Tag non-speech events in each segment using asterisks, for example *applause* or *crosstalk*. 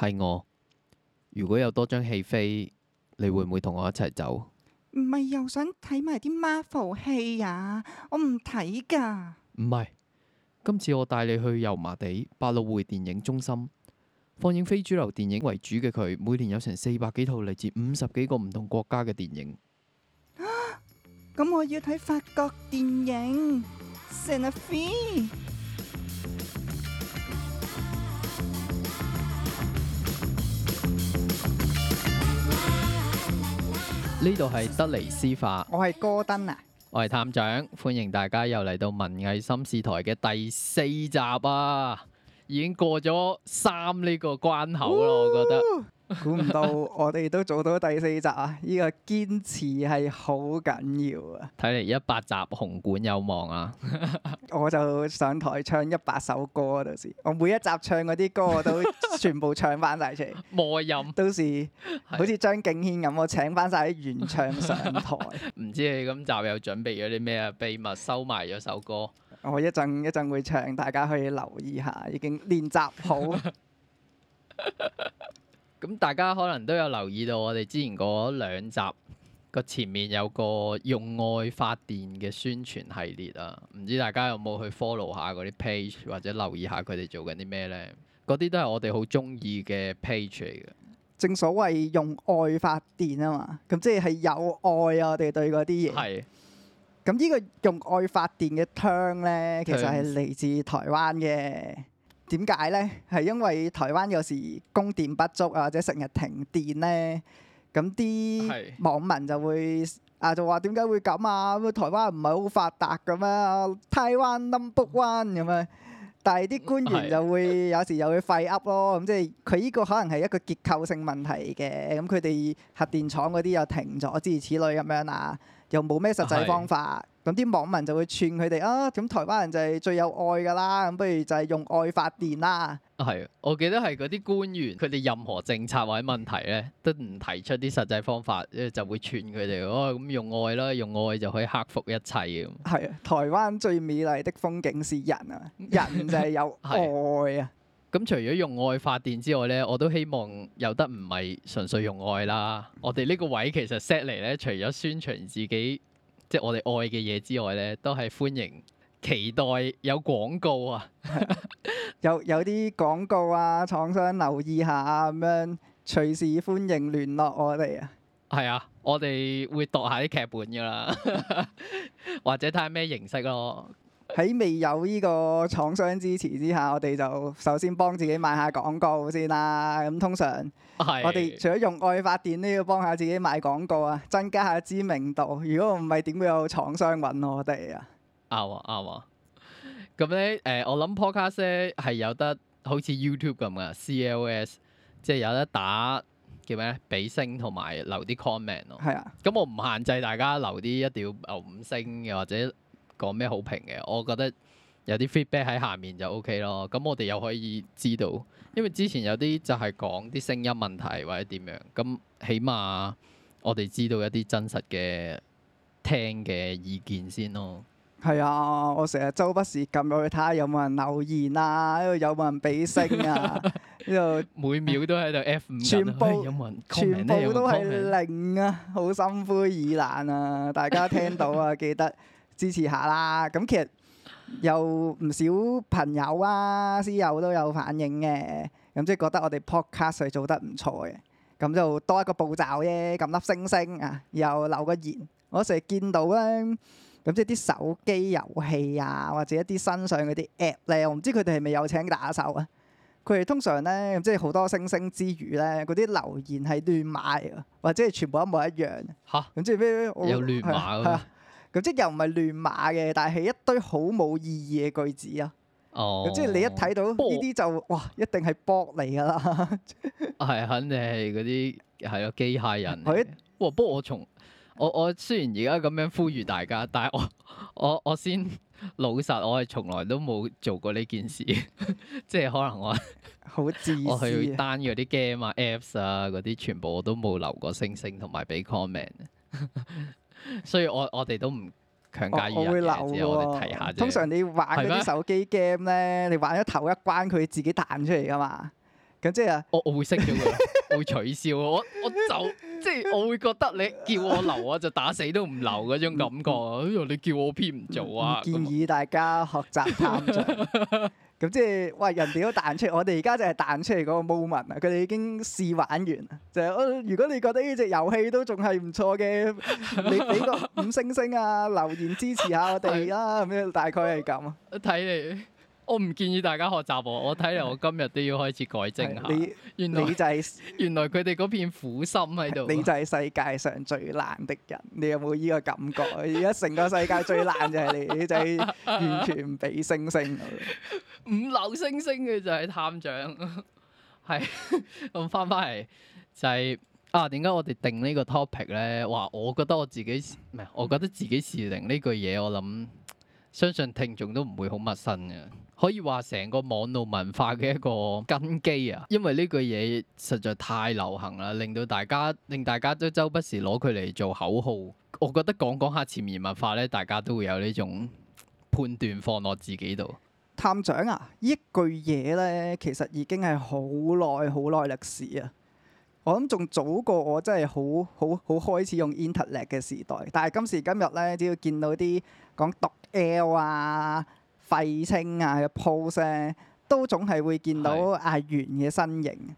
係我，如果有多張戲飛，你會唔會同我一齊走？唔係，又想睇埋啲 Marvel 戲呀、啊？我唔睇噶。唔係，今次我帶你去油麻地百老匯電影中心，放映非主流電影為主嘅佢，每年有成四百幾套嚟自五十幾個唔同國家嘅電影。咁 *coughs* 我要睇法國電影《c i 呢度係德尼思化，我係戈登啊，我係探長，歡迎大家又嚟到文藝心事台嘅第四集啊，已經過咗三呢個關口啦，哦、我覺得。估唔到我哋都做到第四集啊！呢個堅持係好緊要啊！睇嚟一百集紅館有望啊！ *laughs* 我就上台唱一百首歌，到時我每一集唱嗰啲歌，我都全部唱翻晒。出嚟 *laughs* 飲，模音到時好似張敬軒咁，我請翻晒啲原唱上台。唔 *laughs* 知你今集有準備咗啲咩啊？秘密收埋咗首歌，我一陣一陣會,會唱，大家可以留意下，已經練習好。 *laughs* 咁大家可能都有留意到我哋之前嗰兩集個前面有個用愛發電嘅宣傳系列啊，唔知大家有冇去 follow 下嗰啲 page 或者留意下佢哋做緊啲咩咧？嗰啲都係我哋好中意嘅 page 嚟嘅。正所謂用愛發電啊嘛，咁即係有愛啊！我哋對嗰啲嘢。係是，咁呢個用愛發電嘅 term 咧，其實係嚟自台灣嘅。點解呢？係因為台灣有時供電不足啊，或者成日停電呢。咁啲網民就會是的 啊，就話點解會咁啊，台？台灣唔係好發達嘅咩？Taiwan number one 咁樣，但係啲官員就會是的 有時又會廢噏咯，咁即係佢呢個可能係一個結構性問題嘅，咁佢哋核電廠嗰啲又停咗，諸如此類咁樣啊，又冇咩實際方法。是的 嗯咁啲網民就會串佢哋啊！咁台灣人就係最有愛㗎啦，咁不如就係用愛發電啦。係啊，我記得係嗰啲官員，佢哋任何政策或者問題咧，都唔提出啲實際方法，就會串佢哋。哦、啊，咁用愛啦，用愛就可以克服一切咁。係啊，台灣最美麗的風景是人啊， *laughs* 人就係有愛啊。咁除咗用愛發電之外咧，我都希望有得唔係純粹用愛啦。我哋呢個位其實 set 嚟咧，除咗宣傳自己。即係我哋愛嘅嘢之外咧，都係歡迎期待有廣告啊， *laughs* 有有啲廣告啊，廠商留意下啊，咁樣隨時歡迎聯絡我哋啊。係啊，我哋會度下啲劇本噶啦， *laughs* 或者睇下咩形式咯。喺未有呢個廠商支持之下，我哋就首先幫自己賣下廣告先啦。咁、嗯、通常，我哋除咗用愛發電都要幫下自己賣廣告啊，增加下知名度。如果唔係，點會有廠商揾我哋啊？啱啊，啱啊。咁咧，誒、呃，我諗 Podcast 係有得好似 YouTube 咁嘅，CLS 即係有得打叫咩？比俾星同埋留啲 comment 咯。係啊。咁我唔限制大家留啲一，一定要留五星嘅，或者～講咩好評嘅？我覺得有啲 feedback 喺下面就 OK 咯。咁我哋又可以知道，因為之前有啲就係講啲聲音問題或者點樣。咁起碼我哋知道一啲真實嘅聽嘅意見先咯。係啊，我成日周不時撳落去睇下有冇人留言啊，有冇人俾聲啊？呢度每秒都喺度 F 五 *laughs* 全部， *laughs* 全部都係零啊，好心灰意冷啊！大家聽到啊，記得。支持下啦，咁其實有唔少朋友啊、師友都有反應嘅，咁即係覺得我哋 Podcast 做得唔錯嘅，咁就多一個步驟啫，咁粒星星啊，又留個言。我成日見到咧，咁即係啲手機遊戲啊，或者一啲新上嗰啲 App 咧，我唔知佢哋係咪有請打手啊？佢哋通常咧，即係好多星星之餘咧，嗰啲留言係亂碼嘅，或者係全部一模一樣。咁蛤即係咩咩？又亂碼㗎即又唔係亂碼嘅，但係一堆好冇意義嘅句子啊！咁即係你一睇到呢啲就波 哇，一定係波嚟㗎啦！係肯定係嗰啲係咯機械人。不過他 我從我我雖然而家咁樣呼籲大家，但係我我我，我先老實，我係從來都冇做過呢件事。 *laughs* 即係可能我好自私，我去 down 啲 game、啊、apps 啊嗰啲，全部我都冇留過星星同埋俾 comment。 *laughs* *laughs* 所以我、哦、我哋都唔強加意人哋知喎，睇下。通常你玩嗰啲手機 game 咧，嗎你玩咗頭一關，佢自己彈出嚟㗎嘛。咁即係我我會識咗佢， *laughs* 我會取笑我，我就即係我會覺得你叫我留我就打死都唔留嗰種感覺。哎呀、嗯，嗯、你叫我偏唔做啊？建議大家學習探長。咁 *laughs* 即係喂，人哋都彈出，嚟，我哋而家就係彈出嚟嗰個 moment 啊！佢哋已經試玩完，就係哎、如果你覺得呢隻遊戲都仲係唔錯嘅，你俾個五星星啊，留言支持下我哋啦。咁樣 *laughs* 的大概係咁啊。睇你。我唔建議大家學習我睇嚟，我，我今日都要開始改正下。你原來你就係、是、原來佢哋嗰片苦心喺度。你就係世界上最爛的人。你有冇依個感覺啊？而家成個世界最爛就係你， *laughs* 你就係完全唔畀星星 *laughs* 五流星星嘅就係探長。係咁翻翻嚟就係、是、啊？點解我哋定個呢個 topic 咧？哇！我覺得我自己唔係，我覺得自己是零呢句嘢，我諗相信聽眾都唔會好陌生嘅。可以話成個網路文化嘅一個根基啊，因為呢句嘢實在太流行啦，令到大家令大家都周不時攞佢嚟做口號。我覺得講講下潛移文化咧，大家都會有呢種判斷放落自己度。探長啊，句呢句嘢咧其實已經係好耐好耐歷史啊，我諗仲早過我真係好好好開始用 Internet 嘅時代。但係今時今日咧，只要見到啲講讀 L 啊～廢青啊嘅 pose 都總係會見到阿源嘅身形。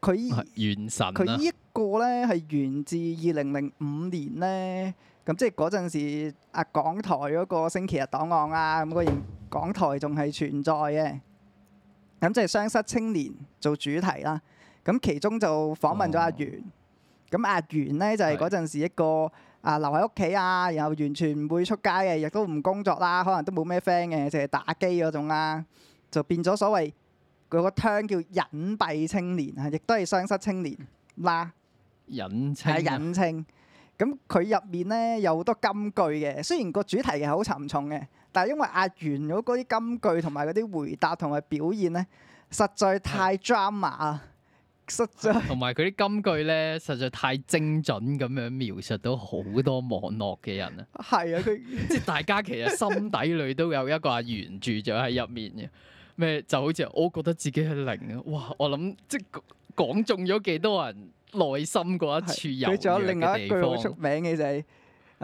佢呢佢呢一個咧係源自二零零五年咧，咁即係嗰陣時阿港台嗰個星期日檔案啊，咁嗰年港台仲係存在嘅。咁即係雙失青年做主題啦。咁其中就訪問咗阿源。咁、哦、阿源咧就係嗰陣時一個。啊，留喺屋企啊，然後完全唔會出街嘅，亦都唔工作啦，可能都冇咩 friend 嘅，淨係打機嗰種啦，就變咗所謂個 term、er、叫隱蔽青年啊，亦都係雙失青年啦隱青。隱青係隱青，咁佢入面呢有好多金句嘅，雖然個主題嘅係好沉重嘅，但係因為阿源嗰啲金句同埋嗰啲回答同埋表現呢，實在太 drama。同埋佢啲金句咧，實在太精準咁樣描述到好多網絡嘅人啊！係啊，佢即係大家其實心底裏都有一個阿源住咗喺入面嘅咩，就好似我覺得自己係零啊！哇，我諗即係講中咗幾多人內心嗰一處有。佢仲有另外一句好出名嘅就係、是：呢、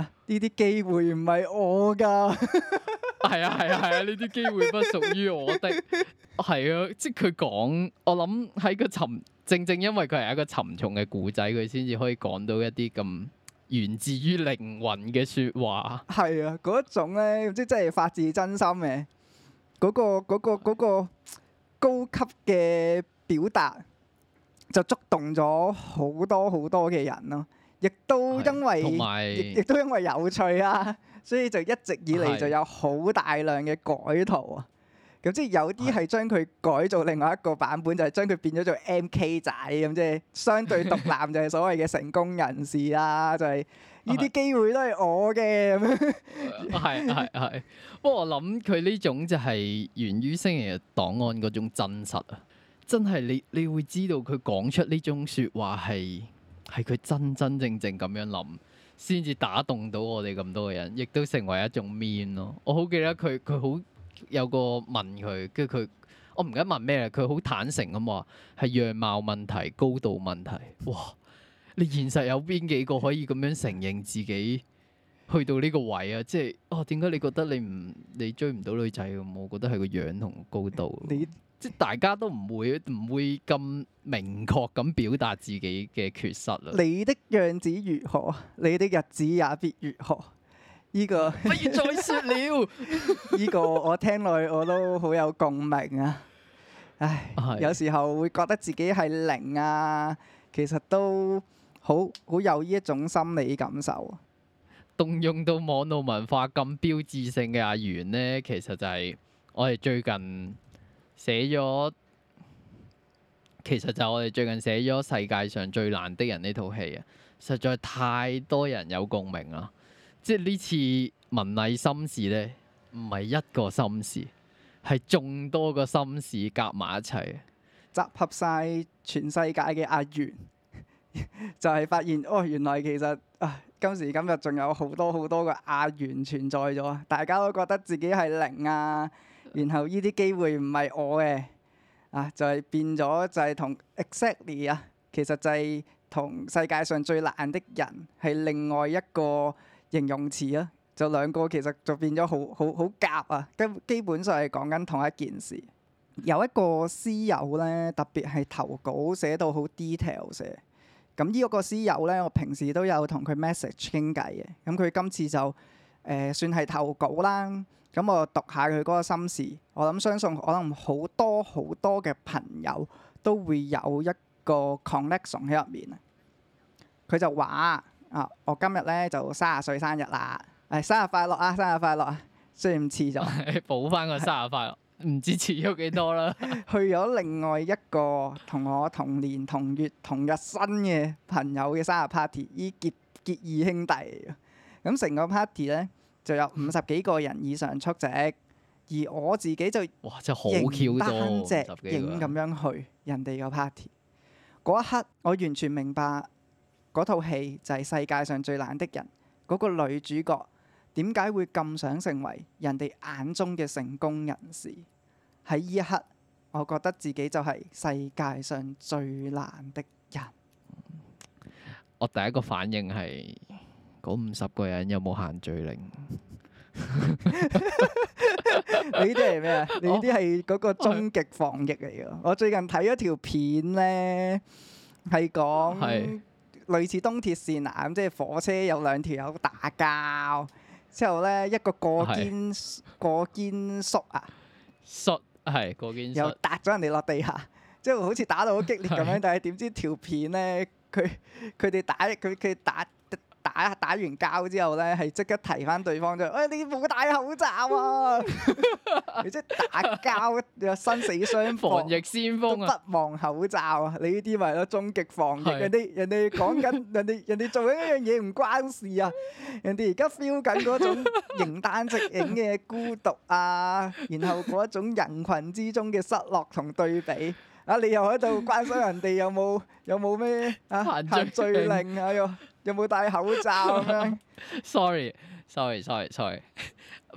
啊、啲機會唔係我㗎。係啊係啊係啊！呢啲、啊啊啊、機會不屬於我的。係啊，即係佢講，我諗喺個沉。正正因為佢係一個沉重嘅故仔，佢先至可以講到一啲咁源自於靈魂嘅説話。係啊，嗰一種咧，即真係發自真心嘅嗰個嗰個嗰個高級嘅表達，就觸動咗好多好多嘅人咯。亦都因為亦都因為有趣啊，所以就一直以嚟就有好大量嘅改圖啊。咁即係有啲係將佢改做另外一個版本，是就係將佢變咗做 MK 仔咁即係相對毒男，就係所謂嘅成功人士啦， *laughs* 就係呢啲機會都係我嘅咁樣。係係係，不過我諗佢呢種就係源於《星期日檔案》嗰種真實啊，真係你你，你會知道佢講出呢種説話係係佢真真正正咁樣諗，先至打動到我哋咁多嘅人，亦都成為一種 meme 咯。我好記得佢佢好。有個問佢，跟住佢，我唔記得問咩啦。佢好坦誠咁話，係樣貌問題、高度問題。哇！你現實有邊幾個可以咁樣承認自己去到呢個位啊？即係哦，點解你覺得你唔你追唔到女仔咁？我覺得係個樣同高度。你即係大家都唔會唔會咁明確咁表達自己嘅缺失。你的樣子如何，你的日子也必如何。呢個不要再說了，呢個我聽落去我都好有共鳴啊！唉，有時候會覺得自己係零啊，其實都好好有呢一種心理感受。動用到網絡文化咁標誌性嘅阿源呢，其實就係我哋最近寫咗，其實就係我哋最近寫咗世界上最爛的人呢套戲啊，實在太多人有共鳴啦。即係呢次文禮心事呢，唔係一個心事，係眾多個心事夾埋一齊，集合晒全世界嘅阿源， *laughs* 就係發現哦，原來其實啊，今時今日仲有好多好多個阿源存在咗，大家都覺得自己係零啊。然後呢啲機會唔係我嘅啊，就係變咗就係同 exactly 啊，其實就係同世界上最爛的人係另外一個。形容詞啊，就兩個其實就變咗好好好夾啊，基基本上係講緊同一件事。有一個思友呢，特別係投稿寫到好 detail 嘅。咁呢個個思友呢，我平時都有同佢 message 傾偈嘅。咁佢今次就、呃、算係投稿啦。咁我讀下佢嗰個心事，我諗相信可能好多好多嘅朋友都會有一個 connection 喺入面，佢就話。啊、哦！我今日咧就三十歲生日啦，誒，生日快樂啊！生日快樂啊！雖然遲咗， *laughs* 補翻個生日快樂，唔 *laughs* 知遲咗幾多啦。 *laughs* 去咗另外一個同我同年同月同日生嘅朋友嘅生日 party，咦，結結義兄弟，咁成個 party 咧就有五十幾個人以上出席，而我自己就，哇真係好巧影單隻影多五十幾咁樣去人哋個 party，嗰一刻我完全明白。嗰套戲就係世界上最爛的人。嗰、那個女主角點解會咁想成為人哋眼中嘅成功人士？喺呢一刻，我覺得自己就係世界上最爛的人。我第一個反應係嗰五十個人有冇限聚令？你啲係咩啊？我 你啲係嗰個終極防疫嚟嘅。我是」我最近睇咗條片呢，係講。類似東鐵線啊，咁即係火車有兩條友打交，之後咧一個過肩 *laughs* 過肩摔啊，摔係過肩，又揼咗人哋落地下，即係好似打到好激烈咁樣， *laughs* 但係點知條片咧，佢佢哋打，佢佢打。打打完交之後咧，係即刻提翻對方就，誒、哎、你冇戴口罩啊！你即係打交，生死相防，防疫先鋒、啊、不忘口罩啊！你呢啲咪咯，終極防疫。是人哋人哋講緊，人哋人哋做緊一樣嘢唔關事啊！人哋而家 feel 緊嗰種形單隻影嘅孤獨啊，然後嗰一種人群之中嘅失落同對比啊！你又喺度關心人哋有冇有冇咩啊限聚令啊又？有冇戴口罩咁樣？Sorry，sorry，sorry，sorry，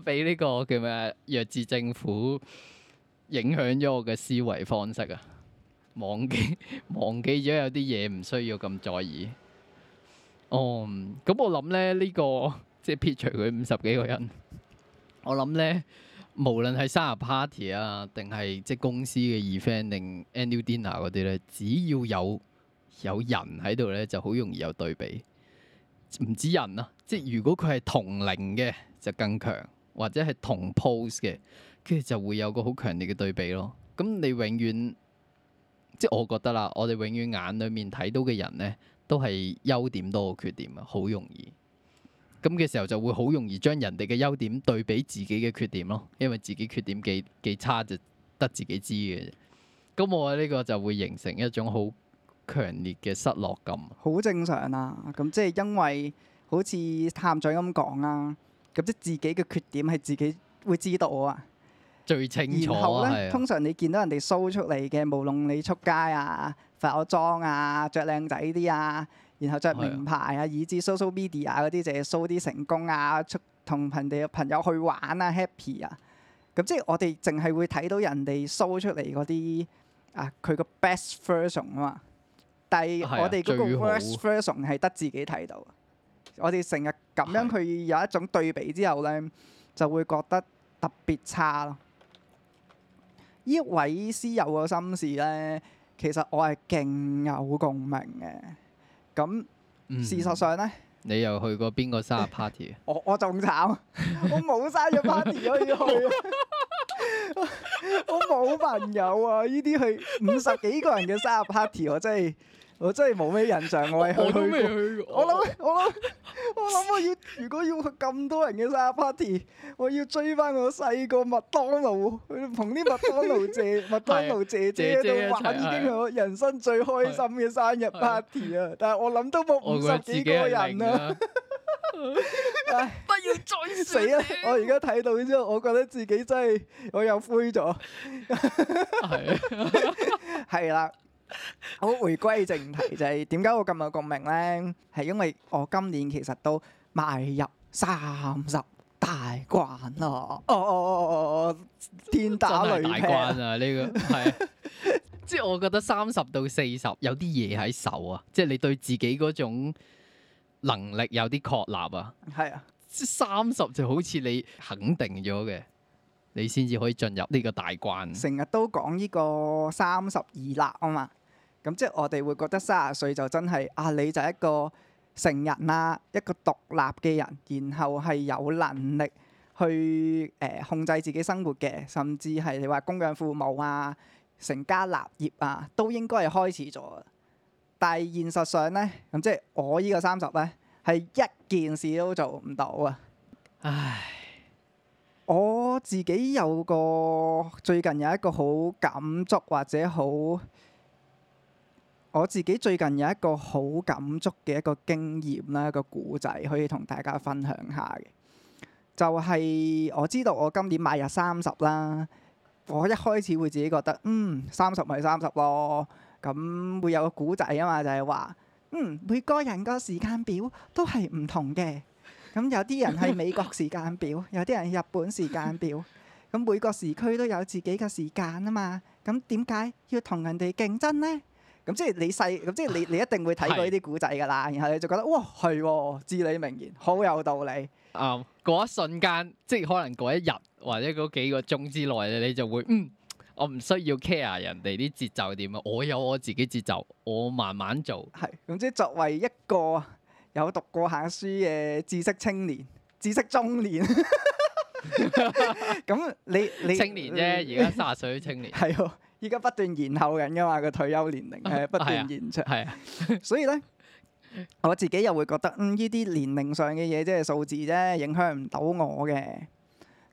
俾呢個叫咩弱智政府影響咗我嘅思維方式啊！忘記忘記咗有啲嘢唔需要咁在意。哦，咁我諗咧，呢個即係撇除佢五十幾個人，我諗咧，無論係生日 party 啊，定係即係公司嘅 event 定 annual dinner 嗰啲咧，只要有有人喺度咧，就好容易有對比。唔止人啊，即係如果佢係同齡嘅就更強，或者係同 pose 嘅，跟住就會有個好強烈嘅對比咯。咁你永遠，即係我覺得啦，我哋永遠眼裏面睇到嘅人咧，都係優點多過缺點啊，好容易。咁嘅時候就會好容易將人哋嘅優點對比自己嘅缺點咯，因為自己缺點幾幾差，就得自己知嘅。咁我呢個就會形成一種好強烈嘅失落感，好正常啊！咁即係因為好似探長咁講啊，咁即係自己嘅缺點係自己會知道啊，最清楚啊！然後咧，是的 通常你見到人哋 show 出嚟嘅，無論你出街啊、化妝啊、着靚仔啲啊，然後着名牌啊，是的 以至 social media 嗰啲，就係 show 啲成功啊，出同人哋嘅朋友去玩啊，happy 啊！咁即係我哋淨係會睇到人哋 show 出嚟嗰啲啊，佢個 best version 啊嘛～但係我哋嗰個 first version 係得最好 自己睇到，我哋成日咁樣去，有一種對比之後咧，就會覺得特別差咯。呢位思友個心事咧，其實我係勁有共鳴嘅。咁事實上咧、嗯，你又去過邊個生日 party？ *laughs* 我我仲慘，我冇 *laughs* 生日 party 可以去、啊， *laughs* 我冇朋友啊！呢啲去五十幾個人嘅生日 party，我真係～我真係冇咩印象，我係去過。我諗我諗我諗我，我，我要， *laughs* 如果要去咁多人嘅生日 party，我要追翻我細個麥當勞，同啲麥當勞姐麥當勞姐姐喺度玩，已經係我人生最開心嘅生日 party 啊！ *laughs* 姐姐但係我諗都冇五十幾個人啊！不 *laughs* 但 *laughs* 要再死啊！我而家睇到之後，我覺得自己真係我又灰咗。係啊，係啦。好 *laughs* 回歸正題，就係點解我咁有共鳴咧？係因為我今年其實都邁入三十大關啦！哦哦哦哦哦，天打雷劈！ *laughs* 真係大關啊！呢、這個係， *laughs* *laughs* 即係我覺得三十到四十有啲嘢喺手啊，即係你對自己嗰種能力有啲確立啊。係啊的，三十就好似你肯定咗嘅，你先至可以進入呢個大關。成日都講呢個三十而立啊嘛。咁即係我哋會覺得三十歲就真係啊，你就一個成人啦、啊，一個獨立嘅人，然後係有能力去誒、呃、控制自己生活嘅，甚至係你話供養父母啊、成家立業啊，都應該係開始咗。但係現實上呢，咁即係我呢個三十呢，係一件事都做唔到啊！唉，我自己有個最近有一個好感觸或者好。我自己最近有一個好感觸嘅一個經驗啦，一個古仔可以同大家分享下嘅，就係我知道我今年買入三十啦。我一開始會自己覺得嗯，三十咪三十咯，咁會有個古仔啊嘛，就係話嗯，每個人個時間表都係唔同嘅，咁有啲人係美國時間表，有啲人係日本時間表，咁每個時區都有自己嘅時間啊嘛，咁點解要同人哋競爭呢？咁即係你細，咁即係你你一定會睇過呢啲古仔㗎啦。然後你就覺得哇，係，至理名言，好有道理。啱，嗰一瞬間，即係可能嗰一日或者嗰幾個鐘之內咧，你就會嗯，我唔需要 care 人哋啲節奏點啊，我有我自己節奏，我慢慢做。係，咁即係作為一個有讀過下書嘅知識青年、知識中年，咁你你青年啫，而家三十歲青年。係依家不斷延後緊㗎嘛，個退休年齡誒、 *laughs* 呃、不斷延長， *laughs* 所以咧我自己又會覺得嗯，呢啲年齡上嘅嘢即係數字啫，影響唔到我嘅。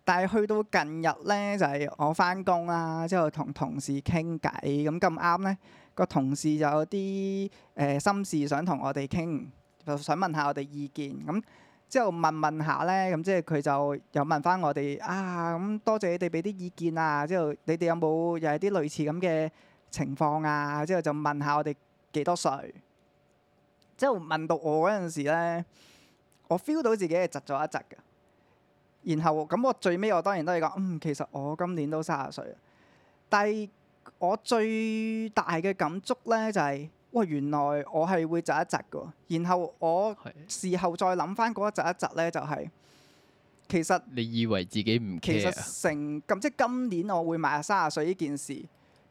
但係去到近日咧，就係、是、我翻工啦，之後同同事傾偈，咁咁啱咧個同事就有啲誒、呃、心事想同我哋傾，就想問下我哋意見咁。之後問問下呢，咁即係佢就又問翻我哋啊，咁多謝你哋俾啲意見啊。之後你哋有冇又係啲類似咁嘅情況啊？之後就問下我哋幾多歲。之後問到我嗰陣時呢，我 feel 到自己係窒咗一窒嘅。然後咁我最尾我當然都係講，嗯，其實我今年都三十歲。但係我最大嘅感觸呢，就係……哇！原來我係會窒一窒㗎，然後我事後再諗翻嗰一窒一窒呢，就係其實你以為自己唔其實，成咁即係今年我會買卅歲呢件事，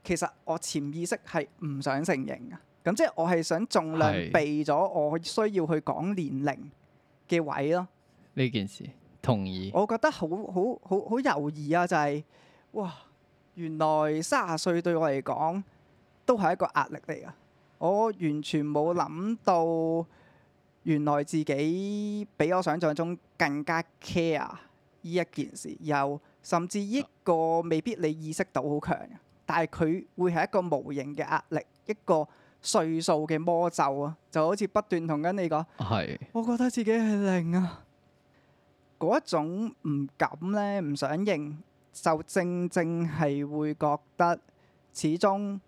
其實我潛意識係唔想承認㗎。咁即係我係想盡量避咗我需要去講年齡嘅位咯。呢件事同意，我覺得好好好好猶豫啊！就係、是、哇，原來卅歲對我嚟講都係一個壓力嚟㗎。我完全冇諗到，原來自己比我想像中更加 care 呢一件事，又甚至一個未必你意識到好強，但係佢會係一個無形嘅壓力，一個歲數嘅魔咒啊，就好似不斷同緊你講，是我覺得自己係零啊，嗰一種唔敢呢，唔想認，就正正係會覺得始終。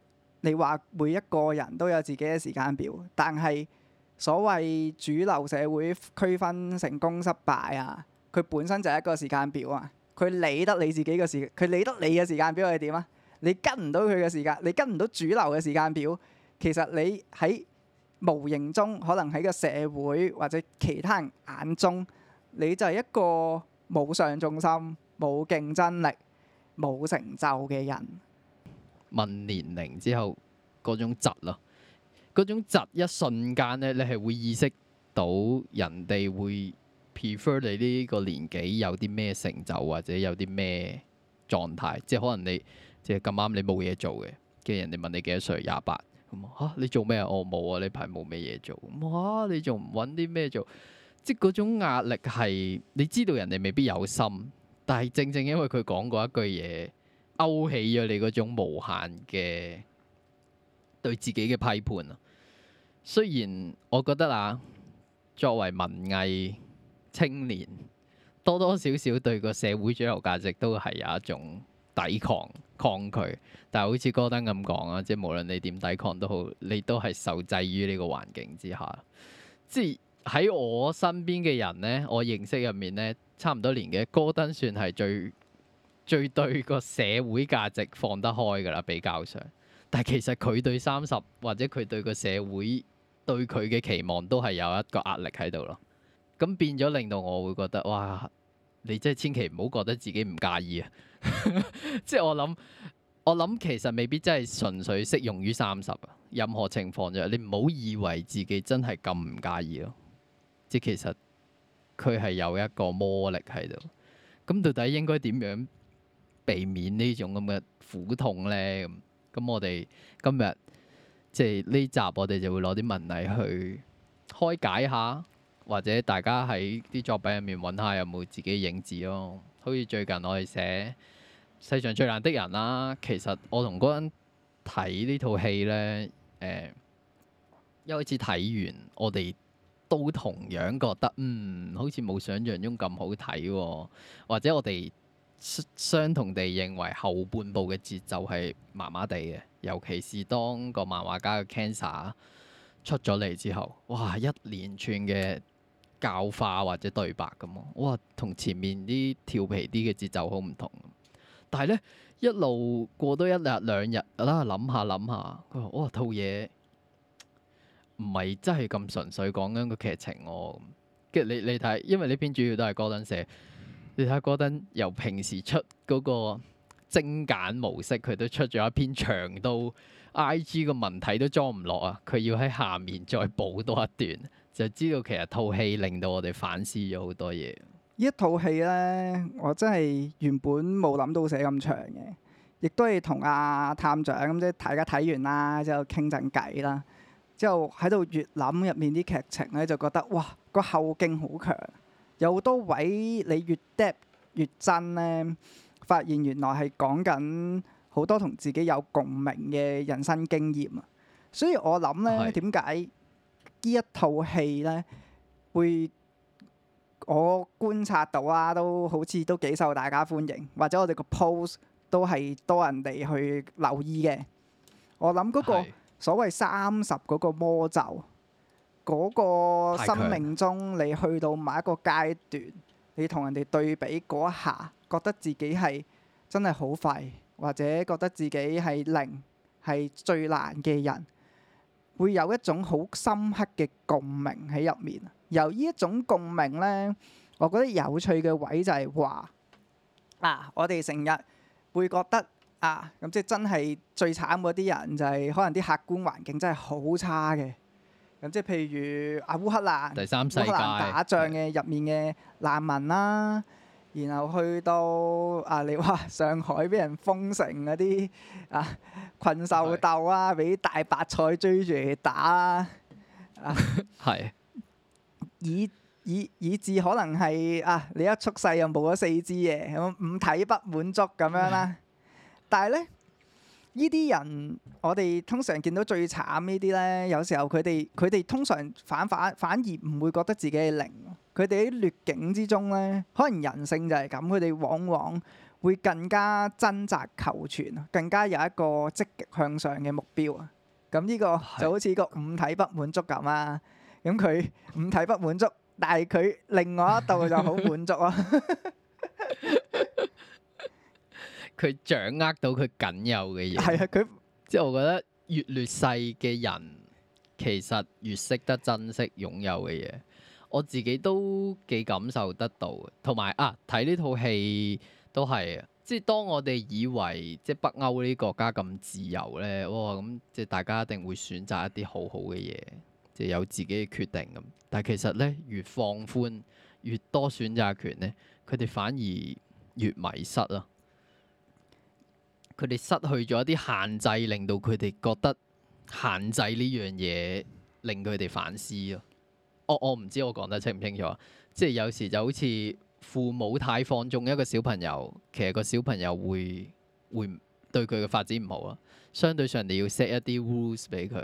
你話每一個人都有自己嘅時間表，但係所謂主流社會區分成功失敗啊，佢本身就係一個時間表啊。佢理得你自己嘅時，佢理得你嘅時間表係點啊？你跟唔到佢嘅時間，你跟唔到主流嘅時間表，其實你喺無形中可能喺個社會或者其他人眼中，你就係一個冇上進心、冇競爭力、冇成就嘅人。問年齡之後嗰種窒咯，嗰種窒一瞬間咧，你係會意識到人哋會 prefer 你呢個年紀有啲咩成就或者有啲咩狀態，即係可能你即係咁啱你冇嘢做嘅，跟住人哋問你幾多歲，廿八，咁啊，你做咩啊？哦，我冇啊，呢排冇咩嘢做，咁你仲唔揾啲咩做？即係嗰種壓力係你知道人哋未必有心，但係正正因為佢講過一句嘢。勾起咗你嗰種無限嘅對自己嘅批判啊。雖然我覺得啊，作為文藝青年，多多少少對個社會主流價值都係有一種抵抗抗拒。但係好似戈登咁講啊，即係無論你點抵抗都好，你都係受制於呢個環境之下。即係喺我身邊嘅人呢，我認識入面呢，差唔多年紀嘅戈登算係最最對個社會價值放得開㗎啦，比較上。但係其實佢對三十或者佢對個社會對佢嘅期望都係有一個壓力喺度咯。咁變咗令到我會覺得哇，你真係千祈唔好覺得自己唔介意啊！ *laughs* 即係我諗，我諗其實未必真係純粹適用於三十，任何情況就你唔好以為自己真係咁唔介意咯。即其實佢係有一個魔力喺度。咁到底應該點樣，避免呢種咁嘅苦痛呢，咁我哋今日即係呢集，我哋就會攞啲問題去開解下，或者大家喺啲作品入面揾下有冇自己影子咯。好似最近我哋寫《世上最爛的人》啦，其實我同嗰陣睇呢套戲呢，呃、一開始睇完，我哋都同樣覺得，嗯，好似冇想像中咁好睇，哦，或者我哋。相同地認為後半部嘅節奏係麻麻地嘅，尤其是當個漫畫家嘅 Cancer 出咗嚟之後，哇！一連串嘅教化或者對白咁咯，哇！同前面啲調皮啲嘅節奏好唔同。但係呢，一路過多一日兩日啦，諗下諗下，佢話：哇，套嘢唔係真係咁純粹講緊個劇情喎。跟、哦、住你你睇，因為呢篇主要都係戈登寫。你睇戈登由平時出嗰個精簡模式，佢都出咗一篇長到 IG 個文體都裝唔落啊！佢要喺下面再補多一段，就知道其實套戲令到我哋反思咗好多嘢。呢套戲咧，我真係原本冇諗到寫咁長嘅，亦都係同阿探長咁即係大家睇完啦，之後傾陣偈啦，之後喺度越諗入面啲劇情咧，就覺得哇個後勁好強。有好多位，你越 depth 越真呢，發現原來係講緊好多同自己有共鳴嘅人生經驗啊！所以我諗呢，點解呢一套戲呢會我觀察到啦，都好似都幾受大家歡迎，或者我哋個 pose 都係多人哋去留意嘅。我諗嗰個所謂三十嗰個魔咒。嗰個生命中，你去到某一個階段，你同人哋對比嗰一下，覺得自己係真係好廢，或者覺得自己係零，係最爛嘅人，會有一種好深刻嘅共鳴喺入面。由呢一種共鳴呢，我覺得有趣嘅位就係話：嗱，我哋成日會覺得啊，咁即係真係最慘嗰啲人就係可能啲客觀環境真係好差嘅。咁即係譬如阿烏克蘭，第三世界烏克蘭打仗嘅入面嘅難民啦，是的 然後去到啊你話上海俾人封城嗰啲啊，羣獸鬥啊，俾大白菜追住打是的 *laughs* 啊，係以以以至可能係啊你一出世又冇咗四肢嘅，五體不滿足咁樣啦，是的 但係咧。呢啲人，我哋通常見到最慘呢啲呢。有時候佢哋佢哋通常反反反而唔會覺得自己係零，佢哋喺劣境之中呢，可能人性就係咁，佢哋往往會更加掙扎求全，更加有一個積極向上嘅目標。咁呢個就好似個五體不滿足咁啊！咁佢五體不滿足，但係佢另外一度就好滿足啊！ *laughs* *laughs* 佢掌握到佢僅有嘅嘢係啊！佢即係我覺得越劣勢嘅人，其實越識得珍惜擁有嘅嘢。我自己都幾感受得到嘅，同埋啊，睇呢套戲都係，啊，即係當我哋以為即係北歐呢國家咁自由咧，哇咁即係大家一定會選擇一啲好好嘅嘢，即係有自己嘅決定咁。但係其實咧，越放寬越多選擇權咧，佢哋反而越迷失咯。佢哋失去咗一啲限制，令到佢哋覺得限制呢樣嘢令佢哋反思咯、哦。我我唔知我講得清唔清楚，即係有時就好似父母太放縱一個小朋友，其實個小朋友會會對佢嘅發展唔好啊。相對上，你要 set 一啲 rules 俾佢，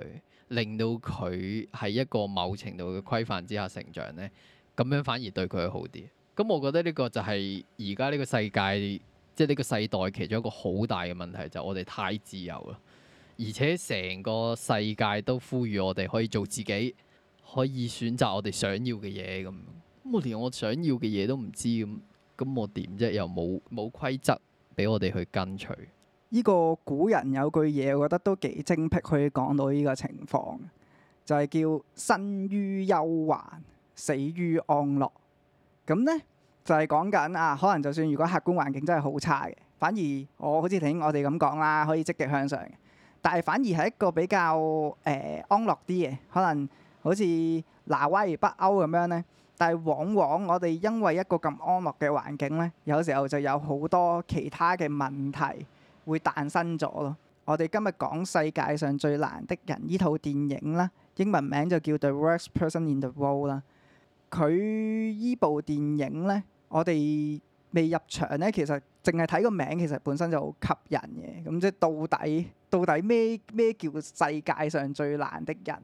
令到佢喺一個某程度嘅規範之下成長咧，咁樣反而對佢好啲。咁我覺得呢個就係而家呢個世界。即係呢個世代其中一個好大嘅問題就係我哋太自由啦，而且成個世界都呼籲我哋可以做自己，可以選擇我哋想要嘅嘢咁。我連我想要嘅嘢都唔知咁，咁我點啫？又冇冇規則俾我哋去跟隨。呢個古人有句嘢，我覺得都幾精闢，可以講到呢個情況，就係叫生於憂患，死於安樂。咁呢。就係講緊啊，可能就算如果客觀環境真係好差嘅，反而我好似頭先我哋咁講啦，可以積極向上嘅。但係反而係一個比較誒、呃、安樂啲嘅，可能好似挪威北歐咁樣呢。但係往往我哋因為一個咁安樂嘅環境呢，有時候就有好多其他嘅問題會誕生咗咯。我哋今日講世界上最爛的人呢套電影啦，英文名就叫做 The Worst Person in the World 啦。佢依部電影呢。我哋未入場呢，其實淨係睇個名，其實本身就好吸引嘅。咁即係到底到底咩咩叫世界上最爛的人？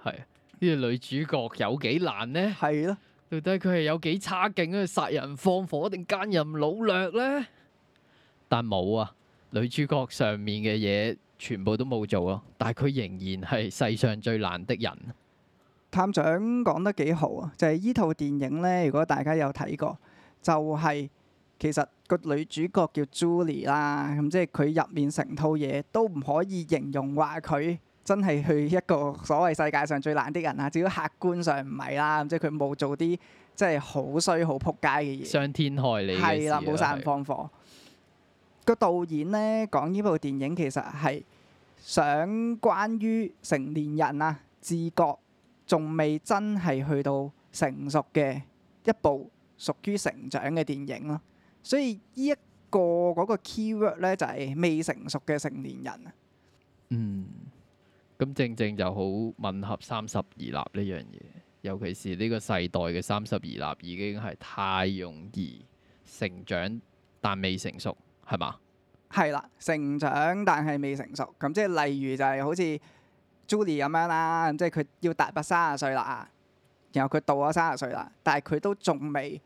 係，呢個女主角有幾爛呢？係咯，到底佢係有幾差勁啊？殺人放火定奸淫擄掠呢？但冇啊，女主角上面嘅嘢全部都冇做咯，但係佢仍然係世上最爛的人。探長講得幾好啊！就係、是、依套電影呢。如果大家有睇過。就係其實個女主角叫 Julie 啦，咁即係佢入面成套嘢都唔可以形容話佢真係去一個所謂世界上最爛的人啦，至少客觀上唔係啦，咁即係佢冇做啲即係好衰好撲街嘅嘢，傷天害理，係啦，冇殺人放火。個導演呢，講呢部電影其實係想關於成年人啊，自覺仲未真係去到成熟嘅一部。屬於成長嘅電影咯，所以呢一個嗰個 keyword 咧就係未成熟嘅成年人。嗯，咁正正就好吻合三十而立呢樣嘢，尤其是呢個世代嘅三十而立已經係太容易成長但未成熟，係嘛？係啦，成長但係未成熟，咁即係例如就係好似 Julie 咁樣啦，即係佢要大八、三十歲啦，然後佢到咗三十歲啦，但係佢都仲未。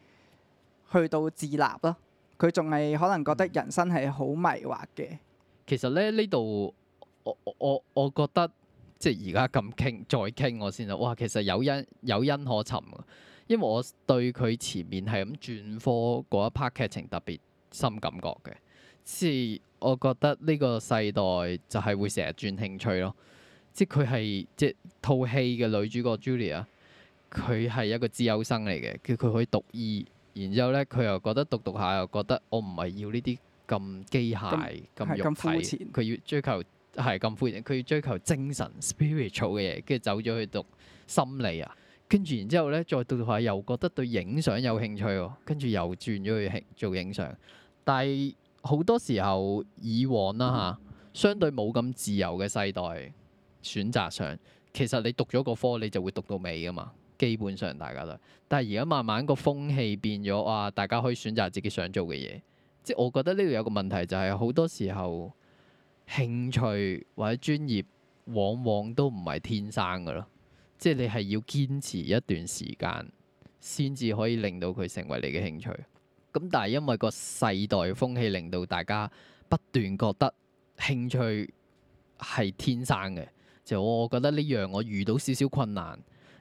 去到自立咯，佢仲係可能覺得人生係好迷惑嘅。嗯，其實咧呢度，我我我覺得即係而家咁傾再傾，我先啦。哇，其實有因有因可尋，因為我對佢前面係咁轉科嗰一 part 劇情特別深感覺嘅，即係，我覺得呢個世代就係會成日轉興趣咯。即係佢係即套戲嘅女主角 Julia，佢係一個資優生嚟嘅，叫佢可以讀醫。然之後咧，佢又覺得讀讀下又覺得我唔係要呢啲咁機械咁麼肉體，佢要追求係咁膚淺，佢要追求精神 spiritual 嘅嘢，跟住走咗去讀心理啊。跟住然之後咧，再讀讀下又覺得對影相有興趣喎，跟住又轉咗去做影相。但係好多時候以往啦吓，嗯、相對冇咁自由嘅世代選擇上，其實你讀咗個科你就會讀到尾㗎嘛。基本上大家都，但係而家慢慢個風氣變咗，啊，大家可以選擇自己想做嘅嘢，即係我覺得呢度有個問題就係好多時候興趣或者專業往往都唔係天生噶咯，即係你係要堅持一段時間先至可以令到佢成為你嘅興趣。咁但係因為個世代風氣令到大家不斷覺得興趣係天生嘅，就我覺得呢樣我遇到少少困難。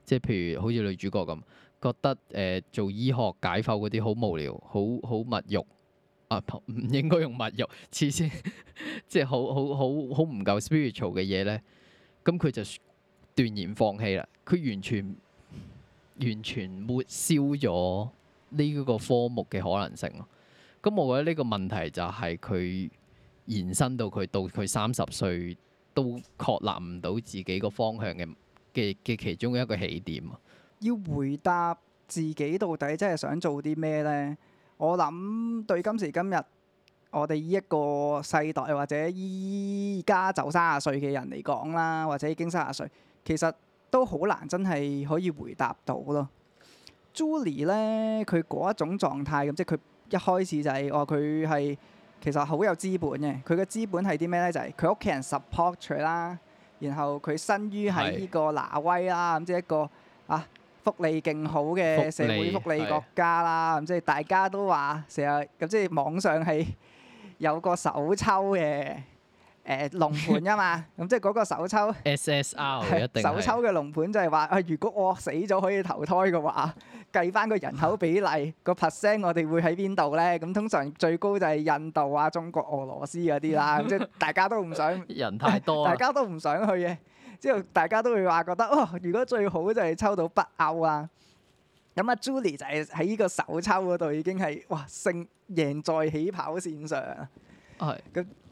即係譬如好似女主角咁，覺得誒、呃、做醫學解剖嗰啲好無聊，好好物欲，啊，唔應該用物欲，似先， *laughs* 即係好好好好唔夠 spiritual 嘅嘢咧，咁佢就斷然放棄啦。佢完全完全抹消咗呢一個科目嘅可能性。咁我覺得呢個問題就係佢延伸到佢到佢三十歲都確立唔到自己個方向嘅。.嘅嘅其中一個起點啊，要回答自己到底真係、就是、想做啲咩呢？我諗對今時今日我哋依一個世代或者依家走三十歲嘅人嚟講啦，或者已經三十歲，其實都好難真係可以回答到咯。Julie 呢，佢嗰一種狀態咁，即係佢一開始就係我佢係其實好有資本嘅，佢嘅資本係啲咩呢？就係佢屋企人 support 佢啦。然後佢身於喺呢個挪威啦，咁即係一個啊福利勁好嘅社會福利國家啦，咁即係大家都話成日，咁即係網上係有個手抽嘅。誒、呃、龍盤呀嘛，咁即係嗰個首抽，SSR，首抽嘅龍盤就係話，啊如果我死咗可以投胎嘅話，計翻個人口比例、 *laughs* 那個 percent，我哋會喺邊度咧？咁通常最高就係印度啊、中國、俄羅斯嗰啲啦，即係大家都唔想 *laughs* 人太多， *laughs* 大家都唔想去嘅，之後大家都會話覺得，哦，如果最好就係抽到北歐啊。咁阿 Julie 就係喺呢個首抽嗰度已經係哇勝贏在起跑線上。係，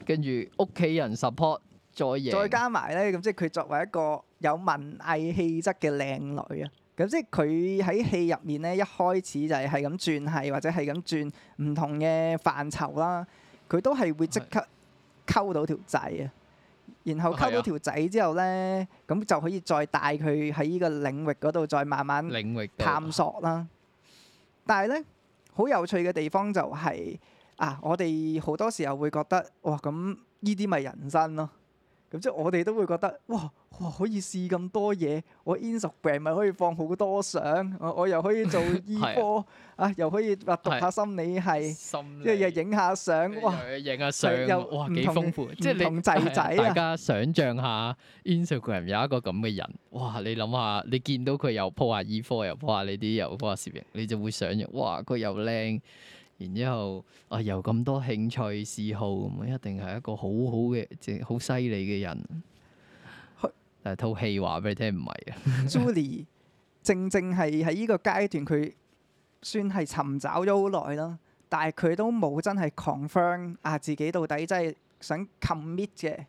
跟住屋企人 support 再再加埋咧，咁即係佢作為一個有文藝氣質嘅靚女啊，咁即係佢喺戲入面咧，一開始就係係咁轉，係或者係咁轉唔同嘅範疇啦，佢都係會即刻溝到條仔啊，的然後溝到條仔之後咧，咁就可以再帶佢喺呢個領域嗰度再慢慢探索啦。但係咧，好有趣嘅地方就係、是。啊！我哋好多時候會覺得，哇！咁呢啲咪人生咯？咁即係我哋都會覺得，哇！哇可以試咁多嘢，我 Instagram 咪可以放好多相，我又可以做醫、e、科、啊，啊又可以話讀下心理系，即係又影下相，影下相，哇幾豐富！同即係你，你大家想象下，Instagram 有一個咁嘅人，哇！你諗下，你見到佢又 po 下醫科，又 po 下你啲，又 po 下攝影，你就會想象，哇！佢又靚。然之後，啊，有咁多興趣嗜好，咁一定係一個好好嘅，即好犀利嘅人。但是，套戲話俾你聽唔係啊。 *laughs* Julie 正正係喺呢個階段，佢算係尋找咗好耐啦，但係佢都冇真係 confirm 啊，自己到底真係想 commit 嘅，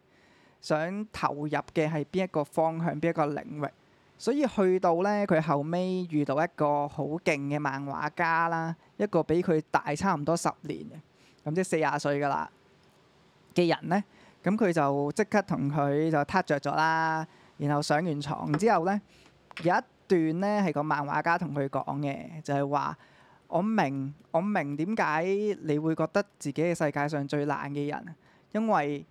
想投入嘅係邊一個方向，邊一個領域。所以去到呢，佢後尾遇到一個好勁嘅漫畫家啦，一個比佢大差唔多十年嘅，咁即係四十歲㗎啦嘅人呢。咁佢就即刻同佢就撻着咗啦。然後上完床之後呢，有一段呢係個漫畫家同佢講嘅，就係話：我明，我明點解你會覺得自己係世界上最爛嘅人，因為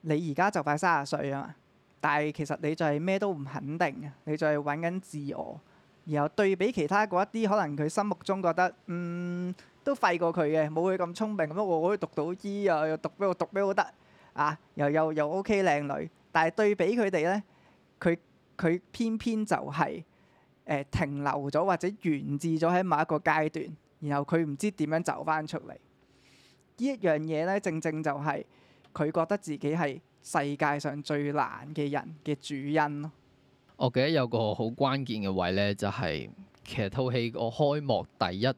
你而家就快三十歲啊嘛。但係其實你就係咩都唔肯定嘅，你就係揾緊自我，然後對比其他嗰一啲可能佢心目中覺得嗯都廢過佢嘅，冇佢咁聰明，咁我可以讀到醫讀讀啊，又讀咩我讀咩我得啊，又又又 OK 靚女，但係對比佢哋呢，佢佢偏偏就係、是、誒、呃、停留咗或者源自咗喺某一個階段，然後佢唔知點樣走返出嚟，呢一樣嘢呢，正正就係、是、佢覺得自己係。世界上最爛嘅人嘅主因咯。我記得有個好關鍵嘅位咧、就是，就係其實套戲我開幕第一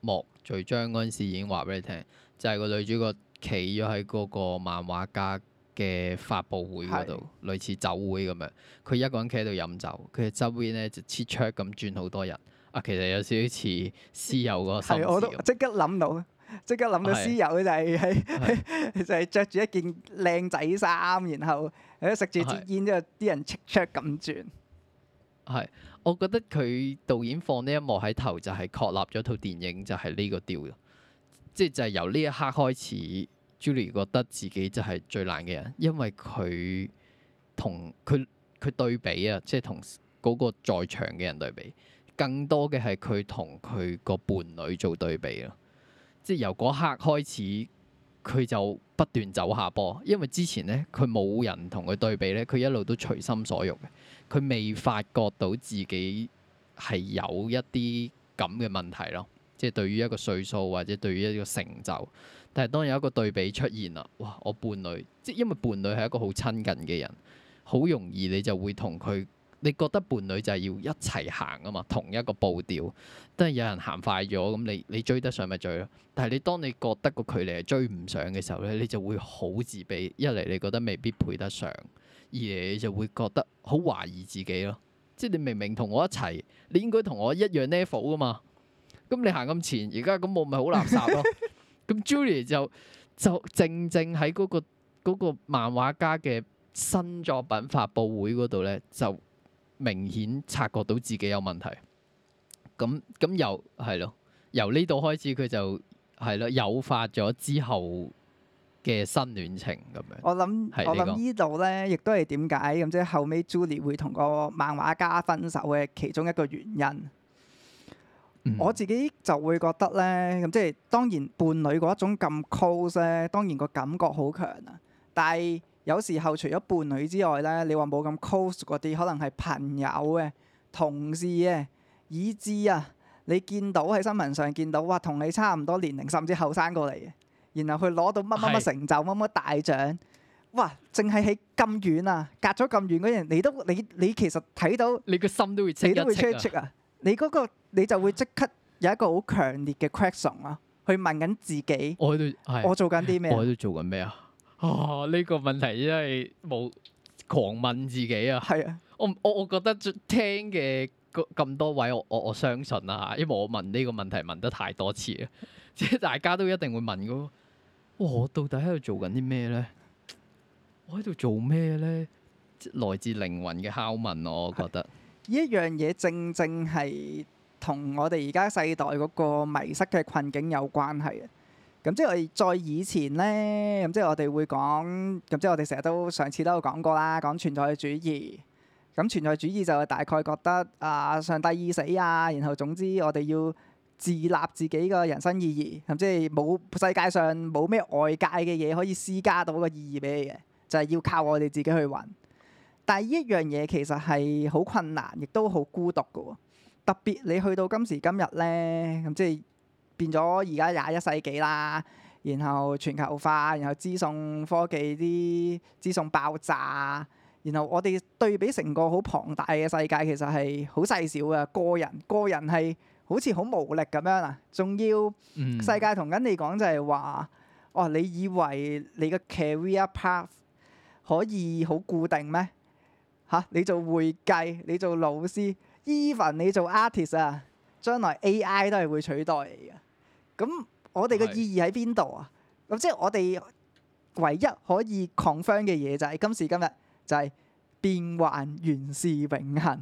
幕最將嗰陣時已經話俾你聽，就係、是、個女主角企咗喺嗰個漫畫家嘅發布會嗰度，是類似酒會咁樣，佢一個人企喺度飲酒，佢周邊咧就切桌咁轉好多人。啊，其實有少少似思友嗰個心事。係，我都即刻諗到。即刻諗到私友，就係，是 *laughs* 就係喺就係着住一件靚仔衫，然後喺食住支煙是之後悶悶，啲人 check check 咁轉。係，我覺得佢導演放呢一幕喺頭，就係確立咗套電影就係呢個調，即係就係由呢一刻開始，Julie 覺得自己就係最爛嘅人，因為佢同佢佢對比啊，即係同嗰個在場嘅人對比，更多嘅係佢同佢個伴侶做對比咯。即係由嗰刻開始，佢就不斷走下坡，因為之前呢，佢冇人同佢對比呢，佢一路都隨心所欲嘅，佢未發覺到自己係有一啲咁嘅問題咯。即係對於一個歲數或者對於一個成就，但係當有一個對比出現啦，哇！我伴侶，即因為伴侶係一個好親近嘅人，好容易你就會同佢。你覺得伴侶就係要一齊行啊嘛，同一個步調，但係有人行快咗咁，你你追得上咪追咯。但係你當你覺得個距離係追唔上嘅時候咧，你就會好自卑。一嚟你覺得未必配得上，二嚟你就會覺得好懷疑自己咯。即係你明明同我一齊，你應該同我一樣 level 㗎嘛。咁你行咁前，而家咁我咪好垃圾咯。咁 *laughs* Julie 就就正正喺嗰個嗰個漫畫家嘅新作品發布會嗰度咧，就。明顯察覺到自己有問題，咁咁又係咯，由呢度開始佢就係咯，誘發咗之後嘅新戀情咁樣。我諗想你說 我諗呢度咧，亦都係點解咁即係後尾 Julie 會同個漫畫家分手嘅其中一個原因。嗯、哼 我自己就會覺得咧，咁即係當然伴侶嗰一種咁 close 咧，當然個感覺好強啊，但係。有時候除咗伴侶之外咧，你話冇咁 close 嗰啲，可能係朋友嘅、同事嘅，以致啊，你見到喺新聞上見到，哇，同你差唔多年齡，甚至後生過嚟嘅，然後佢攞到乜乜乜成就、乜乜是大獎，哇，淨係喺咁遠啊，隔咗咁遠嗰啲人，你都你你其實睇到，你個心都會清清，你都會 chase 啊，你嗰個你就會即刻有一個好強烈嘅 question 啊，去問緊自己，我喺度，我做緊啲咩，我喺度做緊咩啊？啊！呢、哦呢個問題真係冇狂問自己啊！係啊，我我我覺得聽嘅咁多位，我我我相信啦、啊、嚇，因為我問呢個問題問得太多次啦，即 *laughs* 係大家都一定會問嗰我到底喺度做緊啲咩呢？我喺度做咩呢？來自靈魂嘅敲問、啊，我覺得呢一樣嘢正正係同我哋而家世代嗰個迷失嘅困境有關係嘅。咁即係我哋再以前呢，咁即係我哋會講，咁即係我哋成日都上次都有講過啦，講存在主義。咁存在主義就係大概覺得啊、呃，上帝已死啊，然後總之我哋要自立自己個人生意義，咁即係冇世界上冇咩外界嘅嘢可以施加到個意義俾你嘅，就係、是、要靠我哋自己去揾。但係呢一樣嘢其實係好困難，亦都好孤獨嘅喎。特別你去到今時今日呢。咁即係。變咗而家廿一世紀啦，然後全球化，然後資訊科技啲資訊爆炸，然後我哋對比成個好龐大嘅世界，其實係好細小嘅個人，個人係好似好無力咁樣啊！仲要世界同緊你講就係話，嗯、哦，你以為你嘅 career path 可以好固定咩？嚇，你做會計，你做老師，even 你做 artist 啊，將來 AI 都係會取代你嘅。咁我哋嘅意義喺邊度啊？咁是即係我哋唯一可以 confirm 嘅嘢就係今時今日就係、是、變幻原是永恆，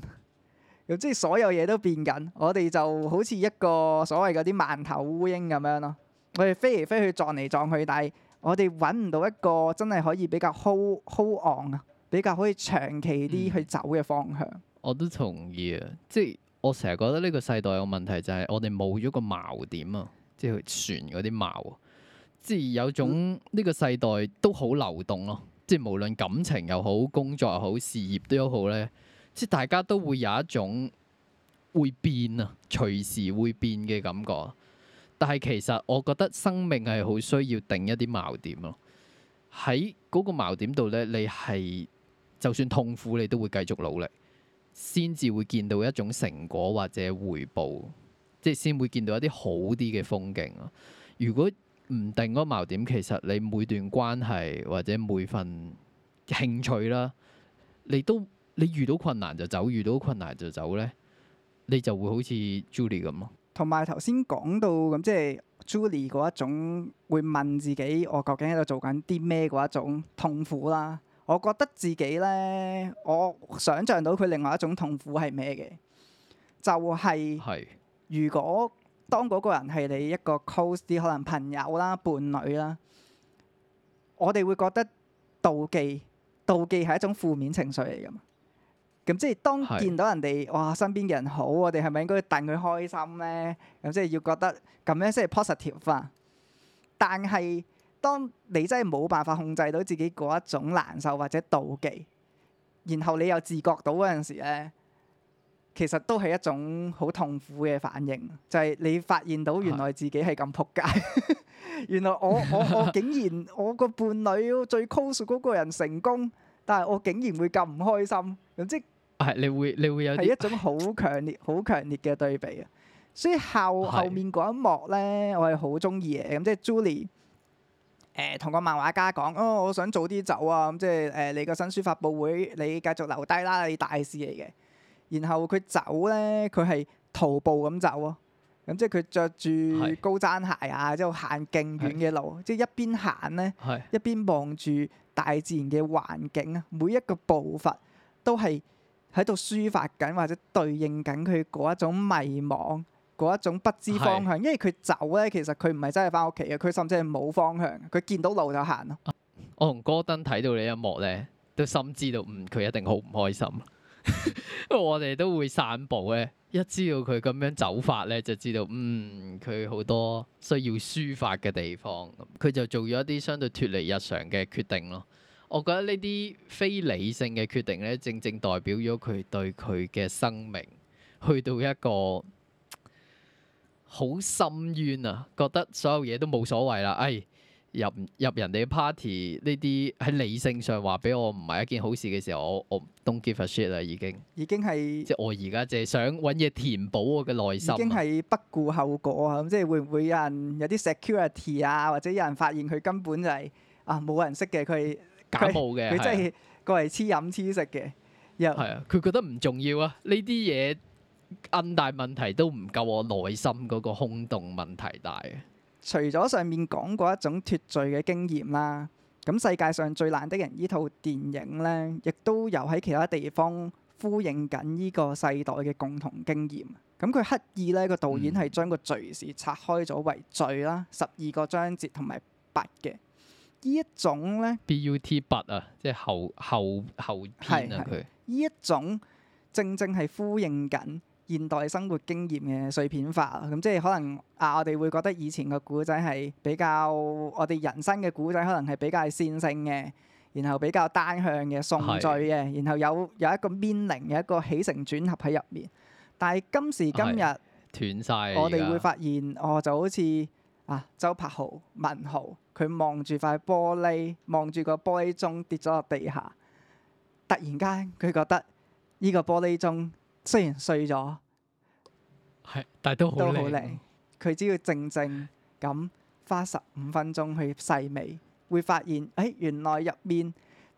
咁 *laughs* 即係所有嘢都變緊。我哋就好似一個所謂嗰啲饅頭烏蠅咁樣咯，我哋飛嚟飛去，撞嚟撞去，但係我哋揾唔到一個真係可以比較 hold hold on 啊，比較可以長期啲去走嘅方向。嗯、我都同意啊，即、就、係、是、我成日覺得呢個世代有問題就係我哋冇咗個矛點啊。即係船嗰啲錨，即係有種呢個世代都好流動咯，即係無論感情又好，工作又好，事業都好咧，即係大家都會有一種會變啊，隨時會變嘅感覺。但係其實我覺得生命係好需要定一啲錨點咯，喺嗰個錨點度咧，你係就算痛苦，你都會繼續努力，先至會見到一種成果或者回報。即係先會見到一啲好啲嘅風景咯。如果唔定嗰個矛點，其實你每段關係或者每份興趣啦，你都你遇到困難就走，遇到困難就走咧，你就會好似 Julie 咁咯。同埋頭先講到咁，即係 Julie 嗰一種會問自己：我究竟喺度做緊啲咩？嗰一種痛苦啦。我覺得自己咧，我想像到佢另外一種痛苦係咩嘅，就係、係、係。如果當嗰個人係你一個 close 啲，可能朋友啦、伴侶啦，我哋會覺得妒忌，妒忌係一種負面情緒嚟㗎嘛。咁即係當見到人哋哇身邊嘅人好，我哋係咪應該戥佢開心呢？咁即係要覺得咁樣先係 positive 化。但係當你真係冇辦法控制到自己嗰一種難受或者妒忌，然後你又自覺到嗰陣時呢。其實都係一種好痛苦嘅反應，就係、是、你發現到原來自己係咁撲街，是的 *laughs* 原來我我我竟然我個伴侶最 close 嗰個人成功，但係我竟然會咁唔開心，總之係你會你會有係一種好強烈、好強烈嘅對比啊！所以後是的 後面嗰一幕咧，我係好中意嘅。咁即係 Julie，誒、呃、同個漫畫家講，哦，我想早啲走啊！咁即係誒你個新書發布會，你繼續留低啦，你大事嚟嘅。然後佢走咧，佢係徒步咁走啊。咁即係佢着住高踭鞋啊，即係行勁遠嘅路，是即係一邊行咧，是一邊望住大自然嘅環境啊，每一個步伐都係喺度抒發緊或者對應緊佢嗰一種迷茫、嗰一種不知方向。是因為佢走咧，其實佢唔係真係翻屋企嘅，佢甚至係冇方向，佢見到路就行咯。我同戈登睇到呢一幕咧，都心知道，唔，佢一定好唔開心。 *laughs* 我哋都會散步咧，一知道佢咁樣走法咧，就知道嗯，佢好多需要抒發嘅地方，佢就做咗一啲相對脫離日常嘅決定咯。我覺得呢啲非理性嘅決定咧，正正代表咗佢對佢嘅生命去到一個好深淵啊，覺得所有嘢都冇所謂啦，哎。入入人哋嘅 party 呢啲喺理性上話俾我唔係一件好事嘅時候，我我 don't give a shit 啦已經。已經係即係我而家淨係想揾嘢填補我嘅內心。已經係不顧後果啊！咁即係會唔會有人有啲 security 啊，或者有人發現佢根本就係啊冇人識嘅，佢係假冒嘅。佢真係過嚟黐飲黐食嘅。又係啊！佢覺得唔重要啊！呢啲嘢奀大問題都唔夠我內心嗰個空洞問題大。除咗上面講過一種脫罪嘅經驗啦，咁世界上最爛的人呢套電影呢，亦都有喺其他地方呼應緊呢個世代嘅共同經驗。咁佢刻意呢個導演係將個罪字拆開咗為罪啦，十二個章節同埋八嘅呢一種呢，「B U T 八啊，即係後後後篇啊呢一種正正係呼應緊現代生活經驗嘅碎片化，咁即係可能啊，我哋會覺得以前嘅古仔係比較我哋人生嘅古仔，可能係比較線性嘅，然後比較單向嘅、順序嘅，的然後有有一個 meaning 嘅一個起承轉合喺入面。但係今時今日，斷曬，我哋會發現，哦，就好似啊，周柏豪文豪，佢望住塊玻璃，望住個玻璃鐘跌咗落地下，突然間佢覺得呢個玻璃鐘雖然碎咗。係，但係都都好靚。佢只要靜靜咁花十五分鐘去細味，會發現誒、哎、原來入面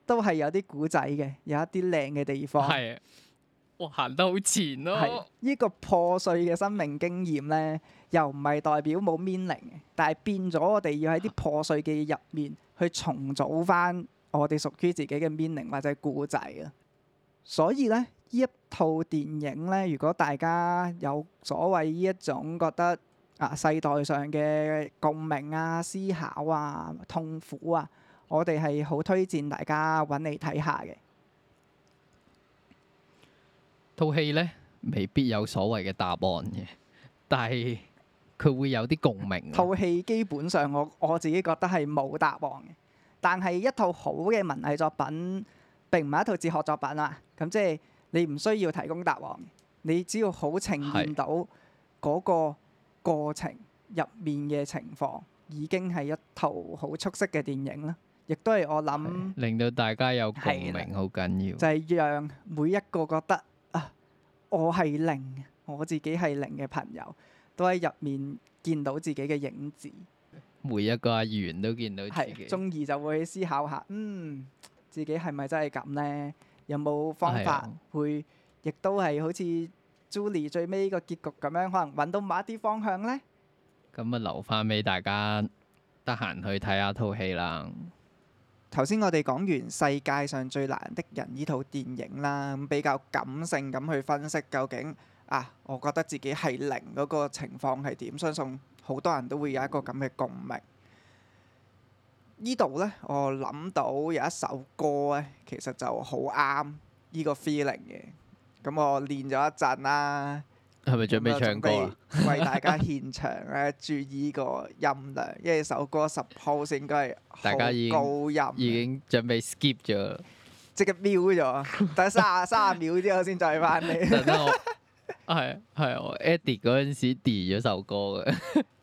都係有啲古仔嘅，有一啲靚嘅地方。係，哇行得好前咯、哦！依、這個破碎嘅生命經驗咧，又唔係代表冇 meaning，但係變咗我哋要喺啲破碎嘅入面、啊、去重組返我哋屬於自己嘅 meaning 或者古仔啊。所以咧。呢一套電影咧，如果大家有所謂呢一種覺得啊，世代上嘅共鳴啊、思考啊、痛苦啊，我哋係好推薦大家揾你睇下嘅套戲咧，未必有所謂嘅答案嘅，但係佢會有啲共鳴。套戲基本上，我我自己覺得係冇答案嘅，但係一套好嘅文藝作品並唔係一套哲學作品啊。咁即係。你唔需要提供答案，你只要好呈現到嗰個過程入面嘅情況，已經係一套好出色嘅電影啦。亦都係我諗令到大家有共鳴，好緊要。就係讓每一個覺得啊，我係零，我自己係零嘅朋友，都喺入面見到自己嘅影子。每一個阿源都見到自己。係中意就會思考下，嗯，自己係咪真係咁呢？有冇方法去，亦都係好似 Julie 最尾個結局咁樣，可能揾到某一啲方向呢？咁啊，留翻俾大家得閒去睇下套戲啦。頭先我哋講完世界上最爛的人呢套電影啦，咁比較感性咁去分析究竟啊，我覺得自己係零嗰個情況係點？相信好多人都會有一個咁嘅共鳴。呢度咧，我諗到有一首歌咧，其實就好啱呢個 feeling 嘅。咁我練咗一陣啦，係咪準備唱歌？為大家獻唱咧，注意個音量， *laughs* 因為首歌十號先大家已好高音，已經準備 skip 咗，即刻飆咗，等三十三秒之後先再翻嚟。係 *laughs* 係，啊 Eddie 嗰陣時 d 咗首歌嘅。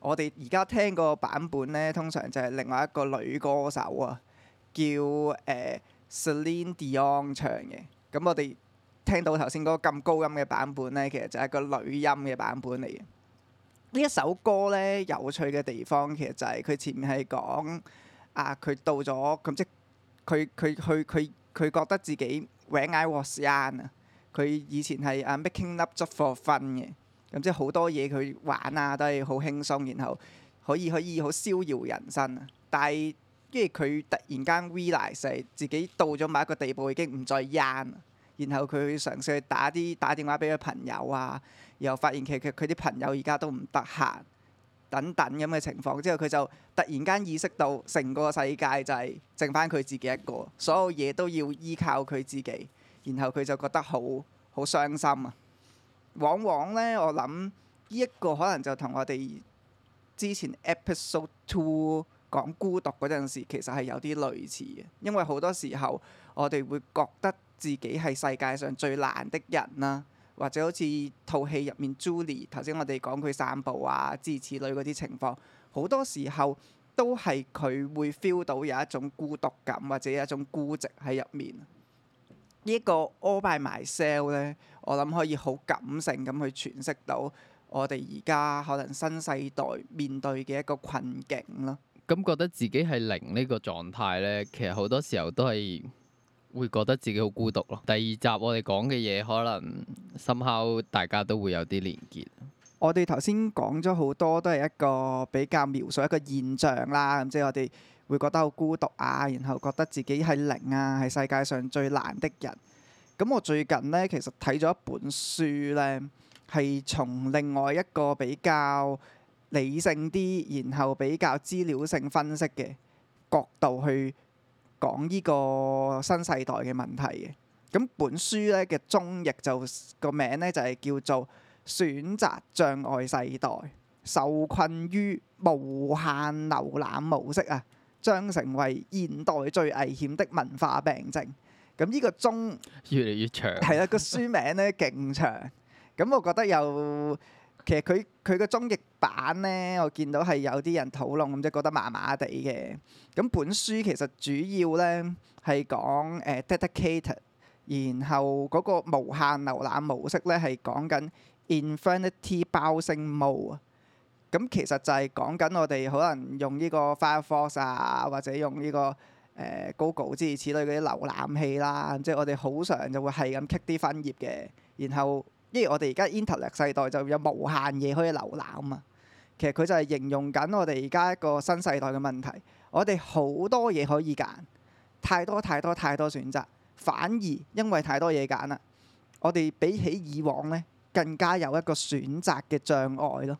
我哋而家聽個版本咧，通常就係另外一個女歌手啊，叫誒 Celine、呃、e Dion 唱嘅。咁、嗯、我哋聽到頭先嗰個咁高音嘅版本咧，其實就係個女音嘅版本嚟嘅。呢一首歌咧，有趣嘅地方，其實就係、是、佢前面係講啊，佢到咗咁即係佢佢佢佢佢覺得自己 when I was young 啊，佢以前係啊 making love just for fun 嘅。咁即係好多嘢佢玩啊，都係好輕鬆，然後可以可以好逍遙人生啊。但係，因為佢突然間 realise 自己到咗某一個地步已經唔再 en，然後佢嘗試去打啲打電話俾佢朋友啊，然後發現其實佢啲朋友而家都唔得閒等等咁嘅情況之後，佢就突然間意識到成個世界就係剩翻佢自己一個，所有嘢都要依靠佢自己，然後佢就覺得好好傷心啊。往往呢，我諗呢一個可能就同我哋之前 episode two 講孤獨嗰陣時，其實係有啲類似嘅。因為好多時候我哋會覺得自己係世界上最爛的人啦，或者好似套戲入面 Julie 頭先我哋講佢散步啊，諸如此類嗰啲情況，好多時候都係佢會 feel 到有一種孤獨感或者有一種孤寂喺入面。呢一個 all by myself 呢。我諗可以好感性咁去詮釋到我哋而家可能新世代面對嘅一個困境咯。咁、嗯、覺得自己係零呢個狀態咧，其實好多時候都係會覺得自己好孤獨咯。第二集我哋講嘅嘢可能深刻大家都會有啲連結。我哋頭先講咗好多都係一個比較描述一個現象啦，咁即係我哋會覺得好孤獨啊，然後覺得自己係零啊，係世界上最爛的人。咁我最近呢，其實睇咗一本書呢，係從另外一個比較理性啲，然後比較資料性分析嘅角度去講呢個新世代嘅問題嘅。咁本書呢嘅中譯就個名呢，就係叫做《選擇障礙世代：受困於無限瀏覽模式啊，將成為現代最危險的文化病症》。咁呢個鐘越嚟越長， *laughs* 係啦，個書名咧勁長。咁我覺得又其實佢佢個中譯版咧，我見到係有啲人討論咁，即係覺得麻麻地嘅。咁本書其實主要咧係講誒 dedicated，然後嗰個無限瀏覽模式咧係講緊 infinite browsing mode。咁其實就係講緊我哋可能用呢個 Firefox 啊，或者用呢、呢個。誒 Google 之類嗰啲瀏覽器啦，即、就、係、是、我哋好常就會係咁篩啲分頁嘅。然後，因為我哋而家 Internet 世代就有無限嘢可以瀏覽啊。其實佢就係形容緊我哋而家一個新世代嘅問題。我哋好多嘢可以揀，太多太多太多選擇，反而因為太多嘢揀啦，我哋比起以往呢，更加有一個選擇嘅障礙咯。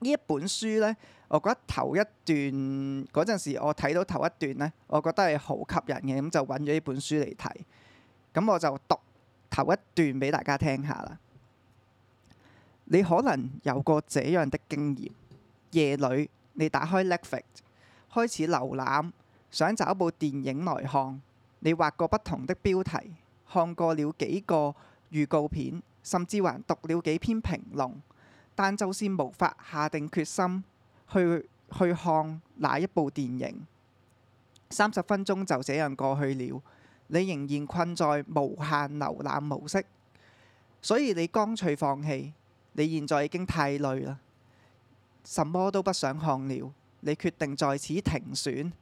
呢一本書呢。我覺得頭一段嗰陣時，我睇到頭一段呢，我覺得係好吸引嘅，咁就揾咗呢本書嚟睇。咁我就讀頭一段俾大家聽下啦。你可能有過這樣的經驗：夜裏你打開 Netflix，開始瀏覽，想找部電影來看，你畫過不同的標題，看過了幾個預告片，甚至還讀了幾篇評論，但就是無法下定決心。去去看哪一部電影？三十分鐘就這樣過去了，你仍然困在無限瀏覽模式，所以你乾脆放棄，你現在已經太累啦，什麼都不想看了，你決定在此停損，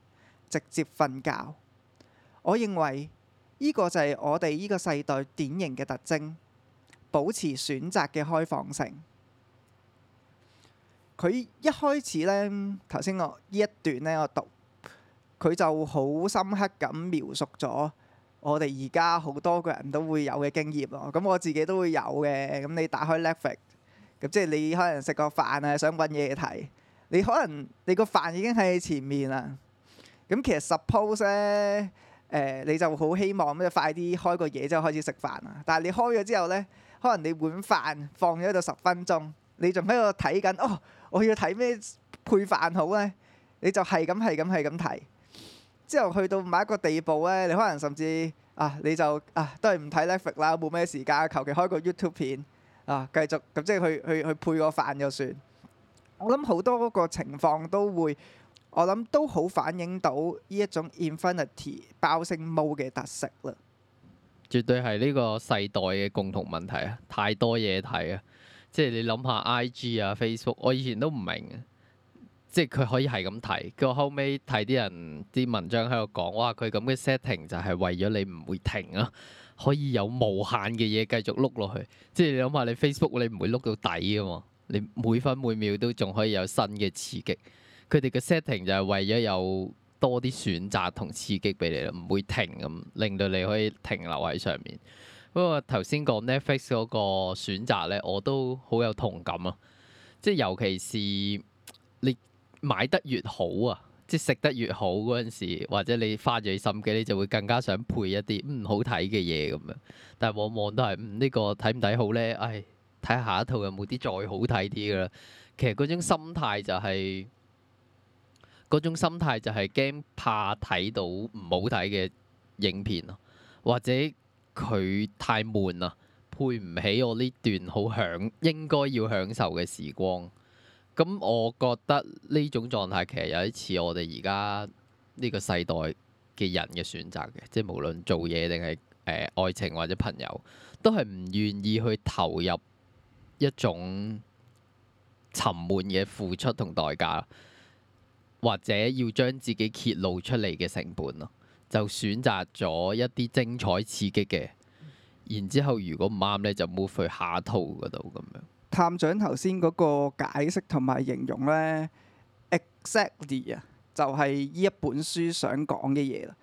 直接瞓覺，我認為呢個就係我哋呢個世代典型嘅特徵，保持選擇嘅開放性。佢一開始呢，頭先我呢一段呢，我讀佢就好深刻咁描述咗我哋而家好多個人都會有嘅經驗咯。咁我自己都會有嘅。咁你打開 Netflix，咁即係你可能食個飯啊，想搵嘢睇。你可能你個飯已經喺前面啦。咁其實 suppose 呢、呃，你就好希望咁快啲開個嘢之後開始食飯啊。但係你開咗之後呢，可能你碗飯放咗喺度十分鐘，你仲喺度睇緊哦。我要睇咩配飯好呢？你就係咁係咁係咁睇，之後去到某一個地步呢，你可能甚至啊，你就啊都係唔睇 Netflix 啦，冇咩時間，求其開個 YouTube 片啊，繼續咁即係去去去配個飯就算。我諗好多嗰個情況都會，我諗都好反映到呢一種 infinity browsing mode 嘅特色啦。絕對係呢個世代嘅共同問題啊！太多嘢睇啊！即係你諗下 IG 啊 Facebook，我以前都唔明即係佢可以係咁睇。佢後尾睇啲人啲文章喺度講，哇！佢咁嘅 setting 就係為咗你唔會停啊，可以有無限嘅嘢繼續碌落去。即係你諗下你 Facebook，你唔會碌到底嘅嘛？你每分每秒都仲可以有新嘅刺激。佢哋嘅 setting 就係為咗有多啲選擇同刺激俾你，唔會停咁，令到你可以停留喺上面。不過頭先講 Netflix 嗰個選擇咧，我都好有同感啊！即係尤其是你買得越好啊，即係食得越好嗰陣時，或者你花咗心機，你就會更加想配一啲唔好睇嘅嘢咁樣。但係往往都係、這個、呢個睇唔睇好咧？唉、哎，睇下一套有冇啲再好睇啲嘅啦。其實嗰種心態就係、是、嗰種心態就係驚怕睇到唔好睇嘅影片咯，或者～佢太悶啦，配唔起我呢段好享，應該要享受嘅時光。咁我覺得呢種狀態其實有啲似我哋而家呢個世代嘅人嘅選擇嘅，即係無論做嘢定係誒愛情或者朋友，都係唔願意去投入一種沉悶嘅付出同代價，或者要將自己揭露出嚟嘅成本咯。就選擇咗一啲精彩刺激嘅，然之後如果唔啱呢，就冇去下套嗰度咁樣。探長頭先嗰個解釋同埋形容呢 exactly 啊，就係呢一本書想講嘅嘢啦。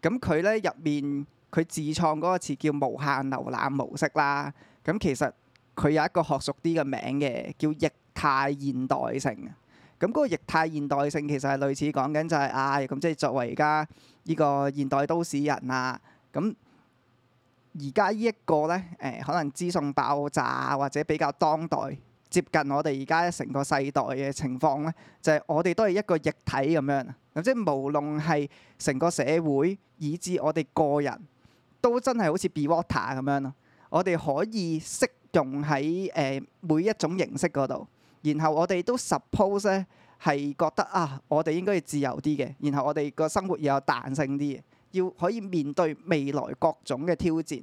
咁佢呢，入面佢自創嗰個詞叫無限瀏覽模式啦。咁其實佢有一個學術啲嘅名嘅，叫液態現代性。咁嗰個液態現代性其實係類似講緊就係唉啊，咁即係作為而家。呢個現代都市人啊，咁而家呢一個呢，誒可能資訊爆炸或者比較當代接近我哋而家成個世代嘅情況呢，就係我哋都係一個液體咁樣，咁即係無論係成個社會以至我哋個人都真係好似 be water 咁樣咯。我哋可以適用喺誒每一種形式嗰度，然後我哋都 suppose 咧。係覺得啊，我哋應該要自由啲嘅，然後我哋個生活要有彈性啲，要可以面對未來各種嘅挑戰。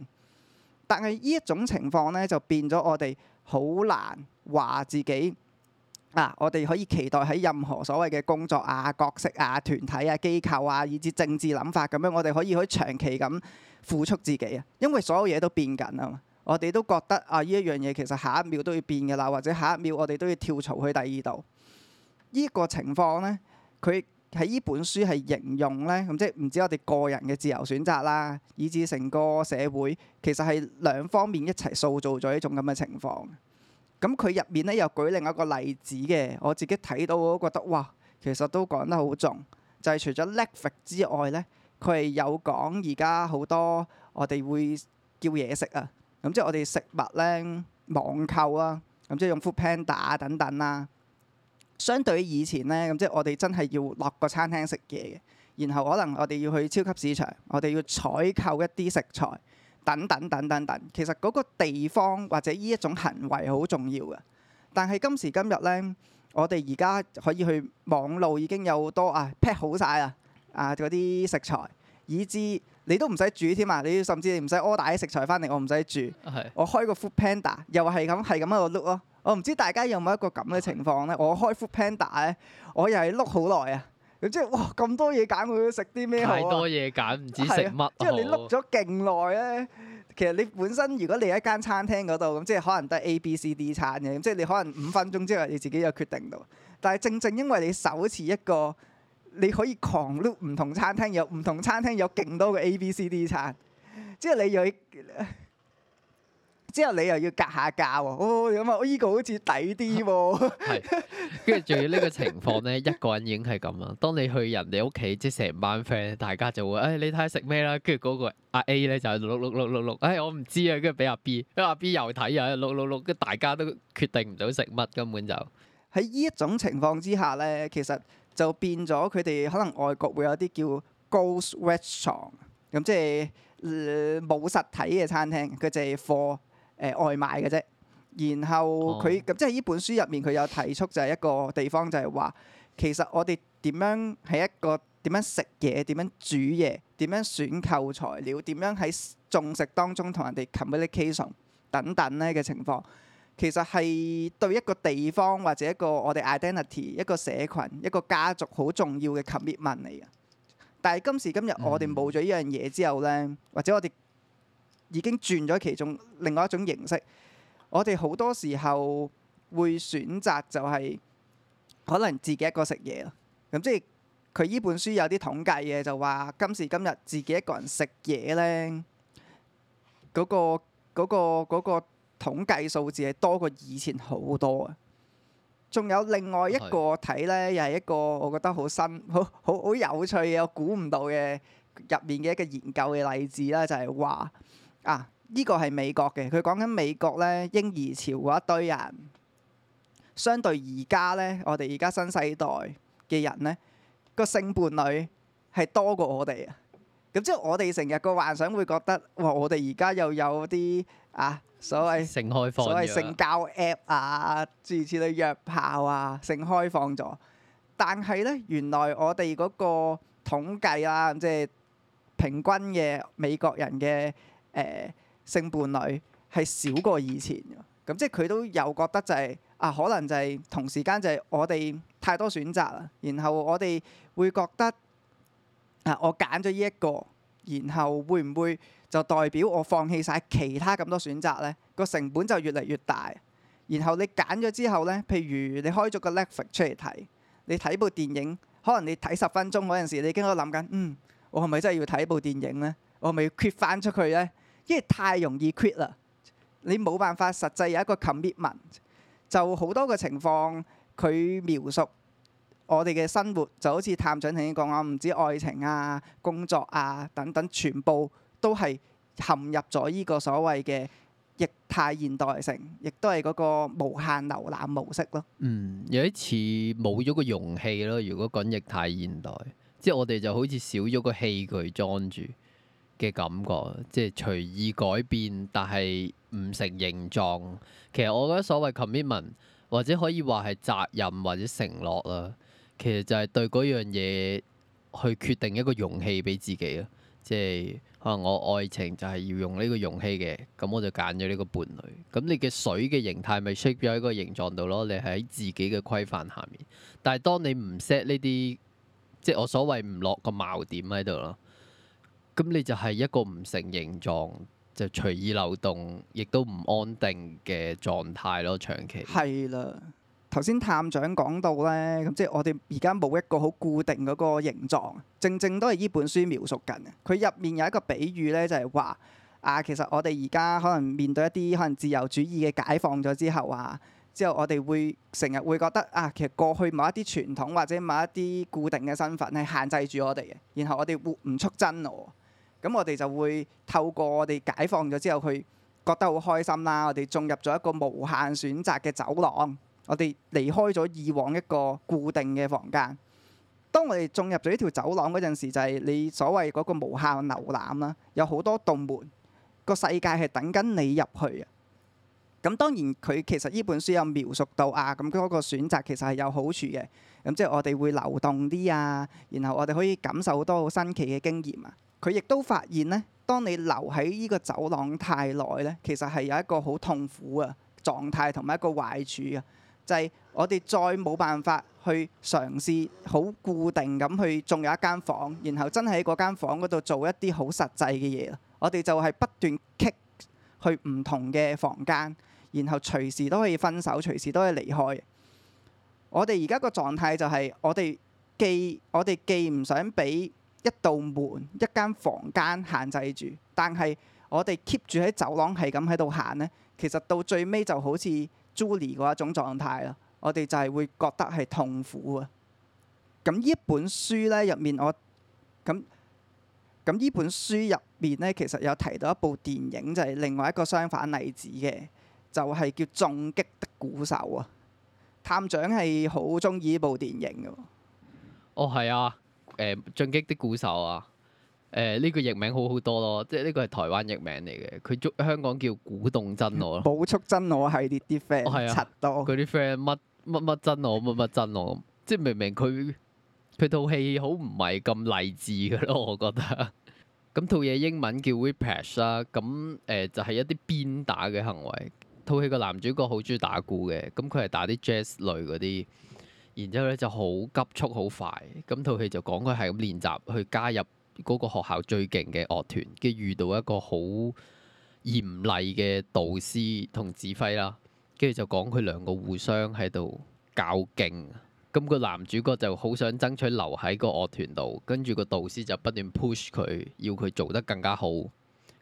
但係呢一種情況呢，就變咗我哋好難話自己啊，我哋可以期待喺任何所謂嘅工作啊、角色啊、團體啊、機構啊，以至政治諗法咁樣，我哋可以可以長期咁付出自己啊。因為所有嘢都變緊啊嘛，我哋都覺得啊，呢一樣嘢其實下一秒都要變㗎喇，或者下一秒我哋都要跳槽去第二度。呢個情況呢，佢喺呢本書係形容呢，咁即係唔止我哋個人嘅自由選擇啦，以至成個社會其實係兩方面一齊塑造咗一種咁嘅情況。咁佢入面呢，又舉另一個例子嘅，我自己睇到我都覺得哇，其實都講得好重。就係除咗 Netflix 之外呢，佢係有講而家好多我哋會叫嘢食啊，咁即係我哋食物呢，網購啊，咁即係用 Foodpanda 等等啦。相對於以前呢，咁即係我哋真係要落個餐廳食嘢嘅，然後可能我哋要去超級市場，我哋要採購一啲食材，等等等等等，等。其實嗰個地方或者呢一種行為好重要嘅，但係今時今日呢，我哋而家可以去網路已經有多、啊、好多啊 pack 好晒啊啊嗰啲食材，以至你都唔使煮添啊！你甚至你唔使 order 啲食材翻嚟，我唔使煮，的我開個 Food Panda 又係咁係咁喺度 look 咯。我唔知大家有冇一個咁嘅情況咧？是的 我開 Foodpanda 咧，我又係碌好耐啊！咁即係哇咁多嘢揀，我要食啲咩？好多嘢揀，唔知食乜？即係你碌咗勁耐咧，其實你本身如果你喺間餐廳嗰度咁，即係可能得 A、B、C、D 餐嘅，即係你可能五分鐘之後你自己就決定到。但係正正因為你手持一個，你可以狂碌唔同餐廳，有唔同餐廳有勁多嘅 A、B、C、D 餐，即係你又～之後你又要隔下價喎，哦咁啊，依個好似抵啲喎。係，跟住仲要呢個情況咧，一個人已經係咁啦。當你去人哋屋企，即係成班 friend，大家就會誒你睇下食咩啦。跟住嗰個阿 A 咧就係六六六六六，誒我唔知啊。跟住俾阿 B，跟阿 B 又睇又係六六六，跟大家都決定唔到食乜根本就喺依一種情況之下咧，其實就變咗佢哋可能外國會有啲叫 ghost restaurant，咁即係冇實體嘅餐廳，佢就係 for 誒外賣嘅啫，然後佢咁、哦、即係呢本書入面佢有提出就係一個地方就係話，其實我哋點樣喺一個點樣食嘢、點樣煮嘢、點樣選購材料、點樣喺種食當中同人哋 communication 等等咧嘅情況，其實係對一個地方或者一個我哋 identity 一個社群，一個家族好重要嘅 commitment 嚟嘅。但係今時今日我哋冇咗呢樣嘢之後咧，嗯、或者我哋。已經轉咗其中另外一種形式。我哋好多時候會選擇就係可能自己一個食嘢啦。咁即係佢呢本書有啲統計嘅，就話今時今日自己一個人食嘢呢，嗰個嗰個嗰個統計數字係多過以前好多啊。仲有另外一個睇呢，又係一個我覺得好新好好好有趣嘅，我估唔到嘅入面嘅一個研究嘅例子啦，就係話。啊！依個係美國嘅，佢講緊美國咧嬰兒潮嗰一堆人，相對而家咧，我哋而家新世代嘅人咧，個性伴侶係多過我哋啊！咁即係我哋成日個幻想會覺得，哇！我哋而家又有啲啊所謂性開放所謂性交 app 啊，諸如此類約炮啊，性開放咗。但係咧，原來我哋嗰個統計啦，即係平均嘅美國人嘅。誒、呃、性伴侶係少過以前咁、嗯、即係佢都有覺得就係、是、啊，可能就係同時間就係我哋太多選擇啦。然後我哋會覺得啊，我揀咗呢一個，然後會唔會就代表我放棄晒其他咁多選擇呢？個成本就越嚟越大。然後你揀咗之後呢，譬如你開咗個 Netflix 出嚟睇，你睇部電影，可能你睇十分鐘嗰陣時，你已經都諗緊，嗯，我係咪真係要睇部電影呢？我係咪要 quit 返出去呢？因為太容易 quit 啦，你冇辦法實際有一個 commitment，就好多個情況佢描述我哋嘅生活就好似探長頭先講啊，唔止愛情啊、工作啊等等，全部都係陷入咗呢個所謂嘅液態現代性，亦都係嗰個無限瀏覽模式咯。嗯，有一次冇咗個容器咯。如果講液態現代，即係我哋就好似少咗個器具裝住。嘅感覺，即係隨意改變，但係唔成形狀。其實我覺得所謂 commitment 或者可以話係責任或者承諾啦，其實就係對嗰樣嘢去決定一個容器俾自己啊。即係可能我愛情就係要用呢個容器嘅，咁我就揀咗呢個伴侶。咁你嘅水嘅形態咪 set 咗喺個形狀度咯。你喺自己嘅規範下面，但係當你唔 set 呢啲，即係我所謂唔落個矛點喺度咯。咁你就係一個唔成形狀，就隨意流動，亦都唔安定嘅狀態咯。長期係啦，頭先探長講到呢，咁即係我哋而家冇一個好固定嗰個形狀，正正都係依本書描述緊。佢入面有一個比喻呢，就係話啊，其實我哋而家可能面對一啲可能自由主義嘅解放咗之後啊，之後我哋會成日會覺得啊，其實過去某一啲傳統或者某一啲固定嘅身份係限制住我哋嘅，然後我哋活唔出真我。咁我哋就會透過我哋解放咗之後，佢覺得好開心啦。我哋進入咗一個無限選擇嘅走廊，我哋離開咗以往一個固定嘅房間。當我哋進入咗呢條走廊嗰陣時，就係你所謂嗰個無限瀏覽啦，有好多洞門，個世界係等緊你入去啊！咁當然佢其實呢本書有描述到啊，咁佢嗰個選擇其實係有好處嘅。咁即係我哋會流動啲啊，然後我哋可以感受好多好新奇嘅經驗啊！佢亦都發現呢，當你留喺呢個走廊太耐呢，其實係有一個好痛苦嘅狀態，同埋一個壞處嘅，就係、是、我哋再冇辦法去嘗試好固定咁去，仲有一間房，然後真係喺嗰間房嗰度做一啲好實際嘅嘢。我哋就係不斷 kick 去唔同嘅房間，然後隨時都可以分手，隨時都可以離開。我哋而家個狀態就係、是、我哋既我哋既唔想俾。一道門、一間房間限制住，但係我哋 keep 住喺走廊係咁喺度行呢。其實到最尾就好似 Julie 嗰一種狀態啦。我哋就係會覺得係痛苦啊。咁呢本書呢入面我，我咁咁呢本書入面呢，其實有提到一部電影，就係、是、另外一個相反例子嘅，就係、是、叫《重擊的鼓手》啊。探長係好中意呢部電影嘅。哦，係啊。誒、欸、進擊的鼓手啊！誒、欸、呢、這個譯名好好多咯，即係呢個係台灣譯名嚟嘅。佢中香港叫鼓動真我咯。補足真我係啲啲 friend，係啊，柒多。佢啲 friend 乜乜乜真我，乜乜真我，即係明明佢佢套戲好唔係咁勵志嘅咯，我覺得。咁套嘢英文叫 whiplash 啦。咁誒、呃、就係、是、一啲鞭打嘅行為。套戲個男主角好中意打鼓嘅，咁佢係打啲 jazz 類嗰啲。然之後咧就好急速、好快，咁套戲就講佢係咁練習去加入嗰個學校最勁嘅樂團，跟住遇到一個好嚴厲嘅導師同指揮啦，跟住就講佢兩個互相喺度較勁，咁個男主角就好想爭取留喺個樂團度，跟住個導師就不斷 push 佢，要佢做得更加好。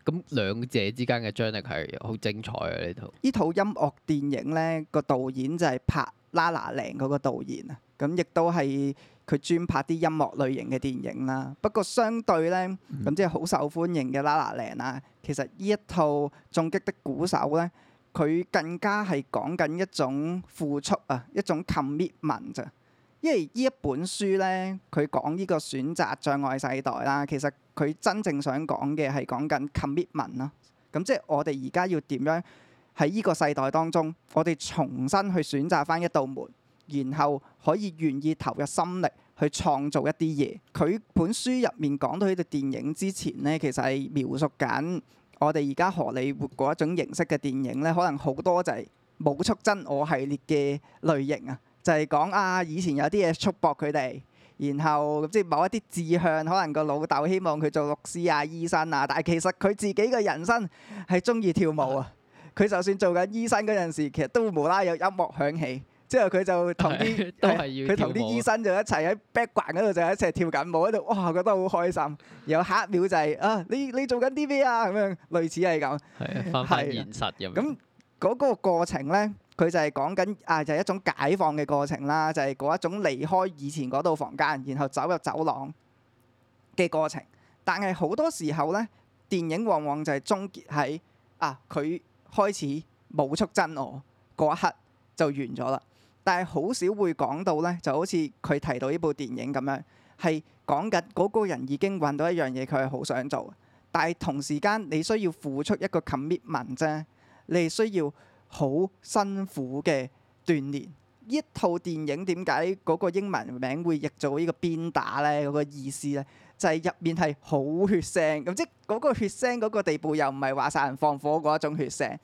咁兩者之間嘅張力係好精彩啊！呢套呢套音樂電影，呢個導演就係拍《La La Land》嗰個導演啊，咁亦都係佢專拍啲音樂類型嘅電影啦。不過相對呢，咁即係好受歡迎嘅《La La Land》啦、啊，其實呢一套《進擊的鼓手》呢，佢更加係講緊一種付出啊，一種 commitment 啫。因為呢一本書呢，佢講呢個選擇障礙世代啦，其實佢真正想講嘅係講緊 commitment 咯、嗯。咁即係我哋而家要點樣喺呢個世代當中，我哋重新去選擇返一道門，然後可以願意投入心力去創造一啲嘢。佢本書入面講到呢個電影之前呢，其實係描述緊我哋而家荷里活過一種形式嘅電影呢，可能好多就係冇速真我系列嘅類型啊。就係講啊，以前有啲嘢束縛佢哋，然後即係某一啲志向，可能個老豆希望佢做律師啊、醫生啊，但係其實佢自己嘅人生係中意跳舞啊。佢的就算做緊醫生嗰陣時，其實都無啦有音樂響起，之後佢就同啲佢同啲醫生就一齊喺 background 嗰度就一齊跳緊舞喺度，哇！覺得好開心。下一秒就係、是、啊，你你做緊 DV 啊？咁樣類似係咁。係啊的，翻現實咁。咁嗰的個過程咧。佢就係講緊啊，就係一種解放嘅過程啦，就係嗰一種離開以前嗰度房間，然後走入走廊嘅過程。但係好多時候呢，電影往往就係終結喺啊，佢開始冒出真我嗰一刻就完咗啦。但係好少會講到呢，就好似佢提到呢部電影咁樣，係講緊嗰個人已經揾到一樣嘢，佢係好想做，但係同時間你需要付出一個 commitment 啫，你需要。好辛苦嘅鍛鍊，呢套電影點解嗰個英文名會譯做呢個鞭打呢？嗰個意思呢，就係入面係好血腥，咁即係嗰個血腥嗰個地步又唔係話殺人放火嗰一種血腥，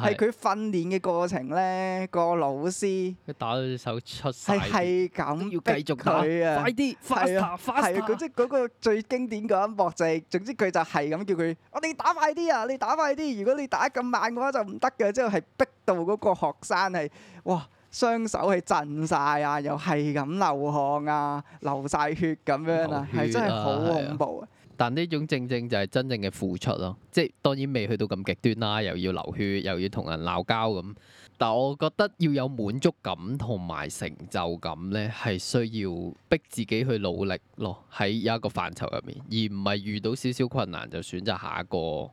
係佢訓練嘅過程咧，嗰個老師佢打到隻手出曬血，係咁要繼續佢啊！快啲點，快啊！係嗰即嗰個最經典嗰一幕就係、係，總之佢就係咁叫佢，我哋打快啲啊！你打快啲，如果你打咁慢嘅話就唔得嘅，即係逼到嗰個學生係哇雙手係震晒啊，又係咁流汗啊，流晒血咁樣啊，係真係好恐怖啊！但呢種正正就係真正嘅付出咯，即係當然未去到咁極端啦，又要流血，又要同人鬧交咁。但我覺得要有滿足感同埋成就感呢，係需要逼自己去努力咯，喺一個範疇入面，而唔係遇到少少困難就選擇下一個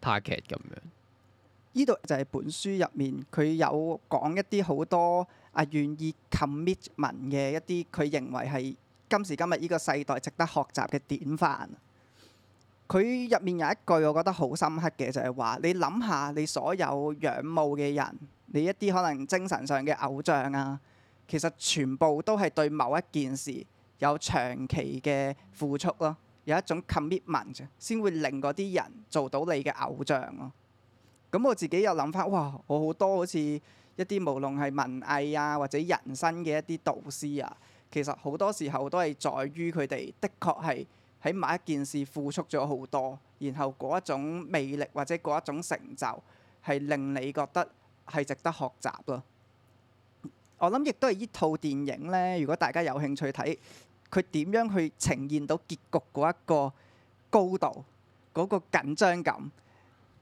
target 咁樣。呢度就係本書入面，佢有講一啲好多啊願意 commitment 嘅一啲，佢認為係今時今日呢個世代值得學習嘅典範。佢入面有一句我覺得好深刻嘅，就係話：你諗下你所有仰慕嘅人，你一啲可能精神上嘅偶像啊，其實全部都係對某一件事有長期嘅付出咯，有一種 commitment 先會令嗰啲人做到你嘅偶像咯。咁我自己又諗翻，哇！我好多好似一啲無論係文藝啊或者人生嘅一啲導師啊，其實好多時候都係在於佢哋的確係。喺某一件事付出咗好多，然後嗰一種魅力或者嗰一種成就，係令你覺得係值得學習咯。我諗亦都係依套電影呢，如果大家有興趣睇，佢點樣去呈現到結局嗰一個高度，嗰個緊張感，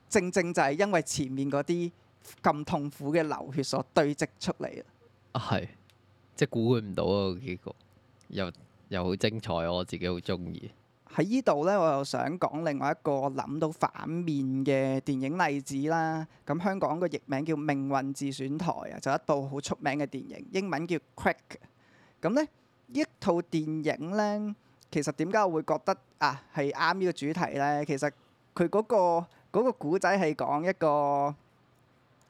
正正就係因為前面嗰啲咁痛苦嘅流血所堆積出嚟啊！啊，係，即係估佢唔到啊個結局，又又好精彩，我自己好鍾意。喺呢度呢，我又想講另外一個諗到反面嘅電影例子啦。咁香港個譯名叫《命運自選台》啊，就一度好出名嘅電影，英文叫《Click》。咁呢一套電影呢，其實點解我會覺得啊，係啱呢個主題呢？其實佢嗰、嗰個古仔係講一個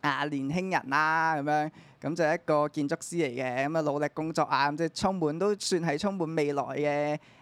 啊年輕人啦、啊，咁樣咁就一個建築師嚟嘅，咁啊努力工作啊，咁即係充滿都算係充滿未來嘅。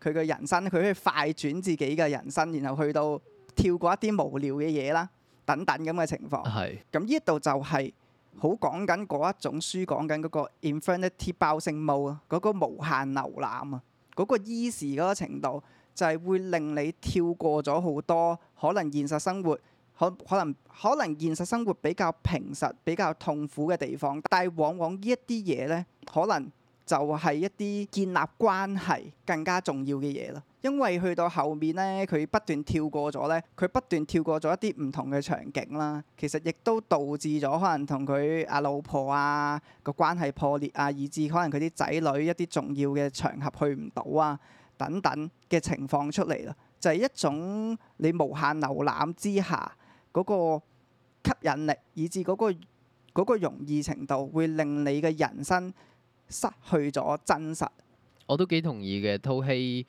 佢嘅人生，佢可以快轉自己嘅人生，然後去到跳過一啲無聊嘅嘢啦，等等咁嘅情況。係是。咁呢度就係好講緊嗰一種書，講緊嗰個 infinite 爆性霧啊，嗰、那個無限瀏覽啊，嗰、那個 easy 嗰個程度，就係、是、會令你跳過咗好多可能現實生活可可能可能現實生活比較平實、比較痛苦嘅地方，但係往往呢一啲嘢咧，可能。就係一啲建立關係更加重要嘅嘢啦，因為去到後面呢，佢不斷跳過咗呢，佢不斷跳過咗一啲唔同嘅場景啦，其實亦都導致咗可能同佢阿老婆啊，個關係破裂啊，以至可能佢啲仔女一啲重要嘅場合去唔到啊等等嘅情況出嚟啦，就係一種你無限瀏覽之下嗰個吸引力，以至嗰個嗰個容易程度會令你嘅人生。失去咗真實，我都幾同意嘅。套戲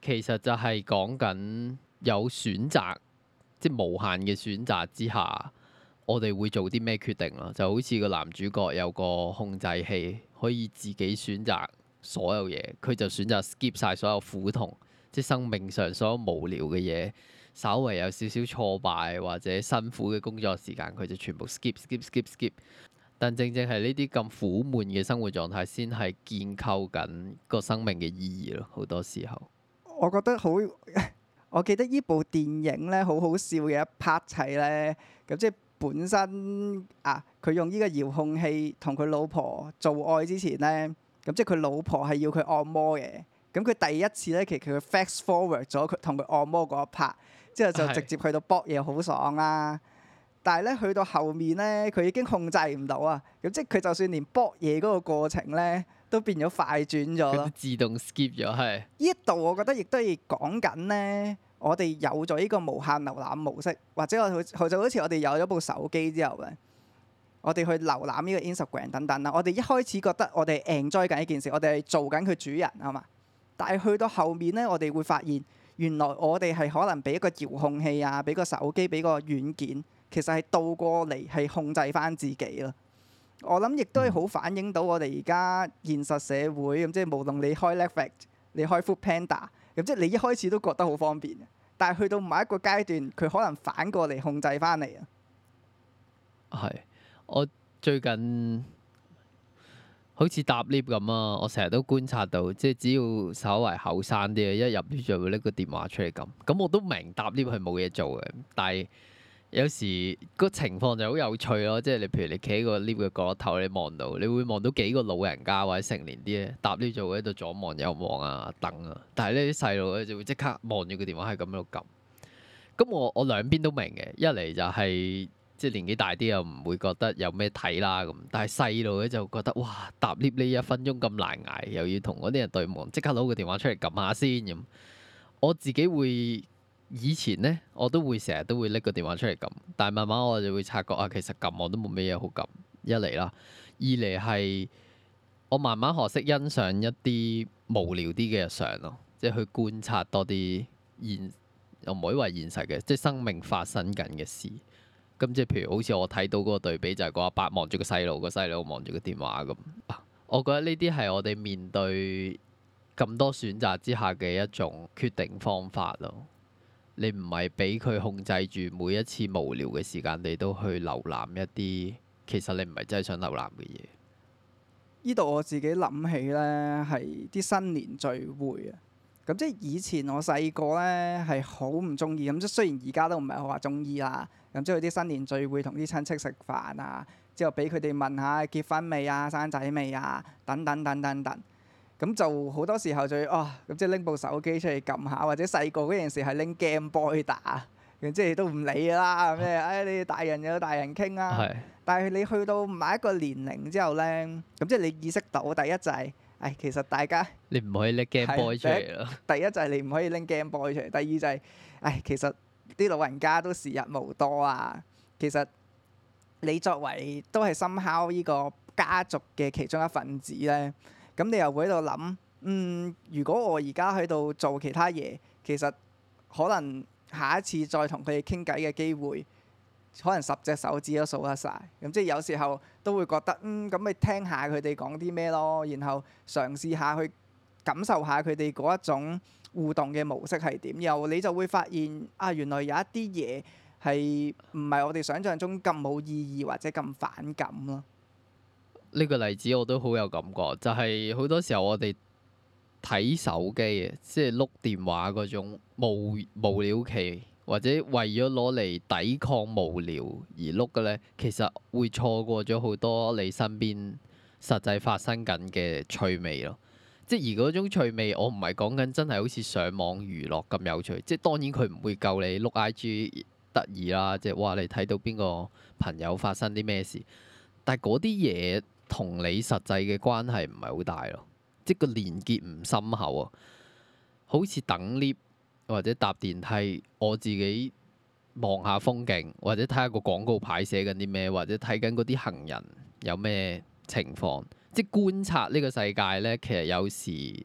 其實就係講緊有選擇，即係無限嘅選擇之下，我哋會做啲咩決定咯？就好似個男主角有個控制器，可以自己選擇所有嘢，佢就選擇 skip 晒所有苦痛，即生命上所有無聊嘅嘢，稍微有少少挫敗或者辛苦嘅工作時間，佢就全部 skip skip skip skip。但正正係呢啲咁苦悶嘅生活狀態，先係建構緊個生命嘅意義咯。好多時候，我覺得好， *laughs* 我記得呢部電影咧，好好笑嘅一 part 係咧，咁即係本身啊，佢用呢個遙控器同佢老婆做愛之前咧，咁即係佢老婆係要佢按摩嘅，咁佢第一次咧，其實佢 fast forward 咗佢同佢按摩嗰一 part，之後就直接去到搏嘢好爽啦，啊。但係咧，去到後面咧，佢已經控制唔到啊。咁即係佢就算連播嘢嗰個過程咧，都變咗快轉咗咯。自動 skip 咗係呢一度，我覺得亦都係講緊咧，我哋有咗呢個無限瀏覽模式，或者好我好就好似我哋有咗部手機之後咧，我哋去瀏覽呢個 Instagram 等等啦。我哋一開始覺得我哋 enjoy 緊一件事，我哋係做緊佢主人啊嘛。但係去到後面咧，我哋會發現原來我哋係可能俾一個遙控器啊，俾個手機，俾個軟件。其實係倒過嚟係控制翻自己咯。我諗亦都係好反映到我哋而家現實社會咁，即係無論你開 Netflix，f 你開 Foodpanda，咁即係你一開始都覺得好方便，但係去到某一個階段，佢可能反過嚟控制翻你啊。係，我最近好似搭 lift 咁啊，我成日都觀察到，即係只要稍微後生啲啊，一入 lift 就會拎個電話出嚟咁。咁我都明搭 lift 係冇嘢做嘅，但係。有時個情況就好有趣咯，即係你譬如你企喺個 lift 嘅角落頭，你望到，你會望到幾個老人家或者成年啲啊搭 lift 做嘅喺度左望右望啊等啊，但係呢啲細路咧就會即刻望住個電話係咁喺度撳。咁我我兩邊都明嘅，一嚟就係、是、即係年紀大啲又唔會覺得有咩睇啦咁，但係細路咧就覺得哇搭 lift 呢一分鐘咁難捱，又要同嗰啲人對望，即刻攞個電話出嚟撳下先咁。我自己會。以前呢，我都會成日都會拎個電話出嚟撳，但係慢慢我就會察覺啊，其實撳我都冇咩嘢好撳，一嚟啦，二嚟係我慢慢學識欣賞一啲無聊啲嘅日常咯，即係去觀察多啲現，又唔可以話現實嘅，即係生命發生緊嘅事。咁、嗯、即係譬如好似我睇到嗰個對比，就係個阿伯望住個細路，個細路望住個電話咁、啊。我覺得呢啲係我哋面對咁多選擇之下嘅一種決定方法咯。你唔係俾佢控制住每一次無聊嘅時間，你都去瀏覽一啲其實你唔係真係想瀏覽嘅嘢。呢度我自己諗起呢，係啲新年聚會啊。咁即係以前我細個呢，係好唔中意，咁即係雖然而家都唔係好話中意啦。咁即係啲新年聚會同啲親戚食飯啊，之後俾佢哋問下結婚未啊、生仔未啊等等等等等。咁就好多時候就要哦，咁即係拎部手機出去撳下，或者細個嗰陣時係拎 Game Boy 打，咁即係都唔理㗎啦。咩？唉，啊、你大人有大人傾啦。是但係你去到某一個年齡之後咧，咁即係你意識到第一就係、是，唉、哎，其實大家你唔可以拎 Game Boy 出嚟第， *laughs* 第一就係你唔可以拎 Game Boy 出嚟。第二就係、是，唉、哎，其實啲老人家都時日無多啊。其實你作為都係深烤呢個家族嘅其中一份子呢。咁你又會喺度諗，嗯，如果我而家喺度做其他嘢，其實可能下一次再同佢哋傾偈嘅機會，可能十隻手指都數得晒。咁即係有時候都會覺得，嗯，咁你聽下佢哋講啲咩咯，然後嘗試下去感受下佢哋嗰一種互動嘅模式係點。又你就會發現，啊，原來有一啲嘢係唔係我哋想像中咁冇意義或者咁反感咯。呢個例子我都好有感覺，就係好多時候我哋睇手機嘅，即係碌電話嗰種無無聊期，或者為咗攞嚟抵抗無聊而碌嘅呢，其實會錯過咗好多你身邊實際發生緊嘅趣味咯。即係而嗰種趣味，我唔係講緊真係好似上網娛樂咁有趣，即係當然佢唔會夠你碌 IG 得意啦。即係話，你睇到邊個朋友發生啲咩事，但係嗰啲嘢。同你實際嘅關係唔係好大咯，即係個連結唔深厚啊，好似等 lift 或者搭電梯，我自己望下風景，或者睇下個廣告牌寫緊啲咩，或者睇緊嗰啲行人有咩情況，即係觀察呢個世界呢，其實有時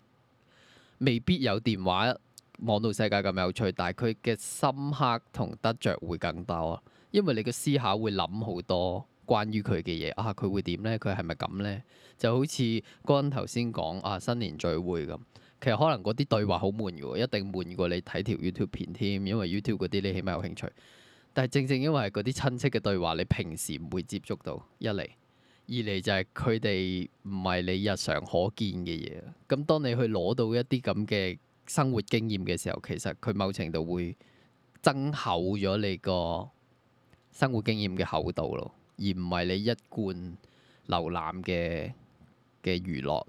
未必有電話望到世界咁有趣，但係佢嘅深刻同得着會更多啊，因為你嘅思考會諗好多。關於佢嘅嘢啊，佢會點呢？佢係咪咁呢？就好似啱啱頭先講啊，新年聚會咁，其實可能嗰啲對話好悶噶，一定悶過你睇條 YouTube 片添，因為 YouTube 嗰啲你起碼有興趣。但係正正因為嗰啲親戚嘅對話，你平時唔會接觸到，一嚟，二嚟就係佢哋唔係你日常可見嘅嘢。咁當你去攞到一啲咁嘅生活經驗嘅時候，其實佢某程度會增厚咗你個生活經驗嘅厚度咯。而唔係你一貫瀏覽嘅嘅娛樂，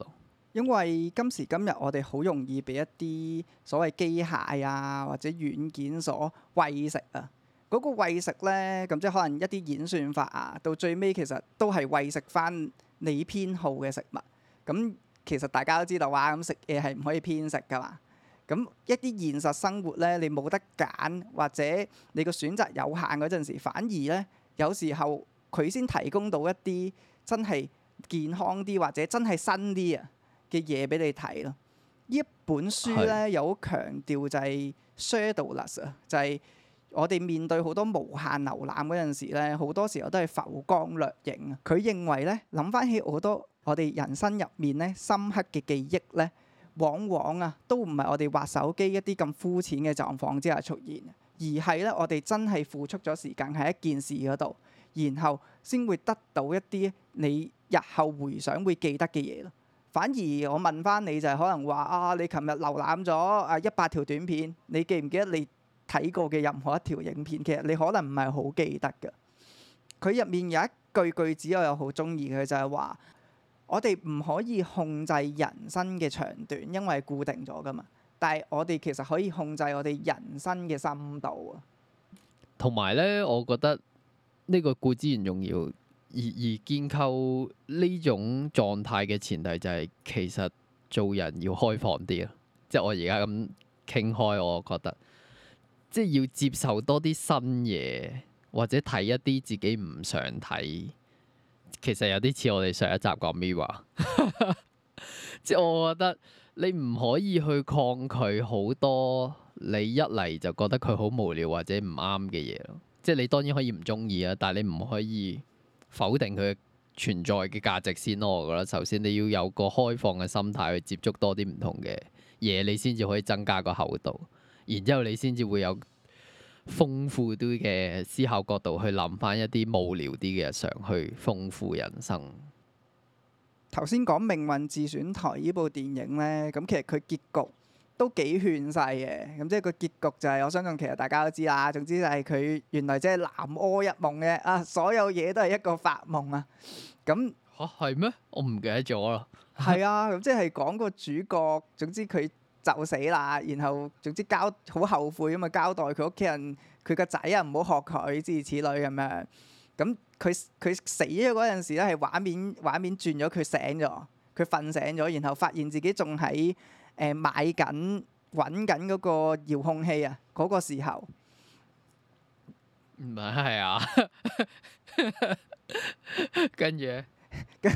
因為今時今日我哋好容易俾一啲所謂機械啊或者軟件所餵食啊。嗰個餵食呢，咁即係可能一啲演算法啊，到最尾其實都係餵食翻你偏好嘅食物。咁其實大家都知道話，咁食嘢係唔可以偏食㗎嘛。咁一啲現實生活呢，你冇得揀或者你個選擇有限嗰陣時，反而呢，有時候。佢先提供到一啲真係健康啲或者真係新啲啊嘅嘢俾你睇咯。呢本書呢，有好強調就係 shadowless 啊，就係我哋面對好多無限瀏覽嗰陣時咧，好多時候都係浮光掠影啊。佢認為呢，諗翻起好多我哋人生入面咧，深刻嘅記憶呢，往往啊都唔係我哋滑手機一啲咁膚淺嘅狀況之下出現，而係呢，我哋真係付出咗時間喺一件事嗰度。然後先會得到一啲你日後回想會記得嘅嘢咯。反而我問翻你就係、是、可能話啊，你琴日瀏覽咗啊一百條短片，你記唔記得你睇過嘅任何一條影片？其實你可能唔係好記得㗎。佢入面有一句句子我、就是，我又好中意嘅就係話：我哋唔可以控制人生嘅長短，因為固定咗噶嘛。但係我哋其實可以控制我哋人生嘅深度啊。同埋呢，我覺得。呢個固之然重要，而而建構呢種狀態嘅前提就係、是、其實做人要開放啲啦。即係我而家咁傾開，我覺得即係要接受多啲新嘢，或者睇一啲自己唔想睇，其實有啲似我哋上一集講咩話。 *laughs* 即係我覺得你唔可以去抗拒好多你一嚟就覺得佢好無聊或者唔啱嘅嘢咯。即係你當然可以唔中意啊，但係你唔可以否定佢存在嘅價值先咯，我覺得。首先你要有個開放嘅心態去接觸多啲唔同嘅嘢，你先至可以增加個厚度，然之後你先至會有豐富啲嘅思考角度去諗翻一啲無聊啲嘅日常，去豐富人生。頭先講《命運自選台》呢部電影呢，咁其實佢結局都幾勸世嘅，咁即係個結局就係我相信其實大家都知啦。總之就係佢原來即係南柯一夢嘅啊，所有嘢都係一個發夢啊。咁嚇係咩？我唔記得咗啦。係啊，咁即係講個主角，總之佢就死啦。然後總之交好後悔咁啊，交代佢屋企人、佢個仔啊，唔好學佢諸如此類咁樣。咁佢佢死咗嗰陣時咧，係畫面畫面轉咗，佢醒咗，佢瞓醒咗，然後發現自己仲喺誒、嗯、買緊揾緊嗰個遙控器啊！嗰、嗰個時候唔係啊， *laughs* 跟住著，跟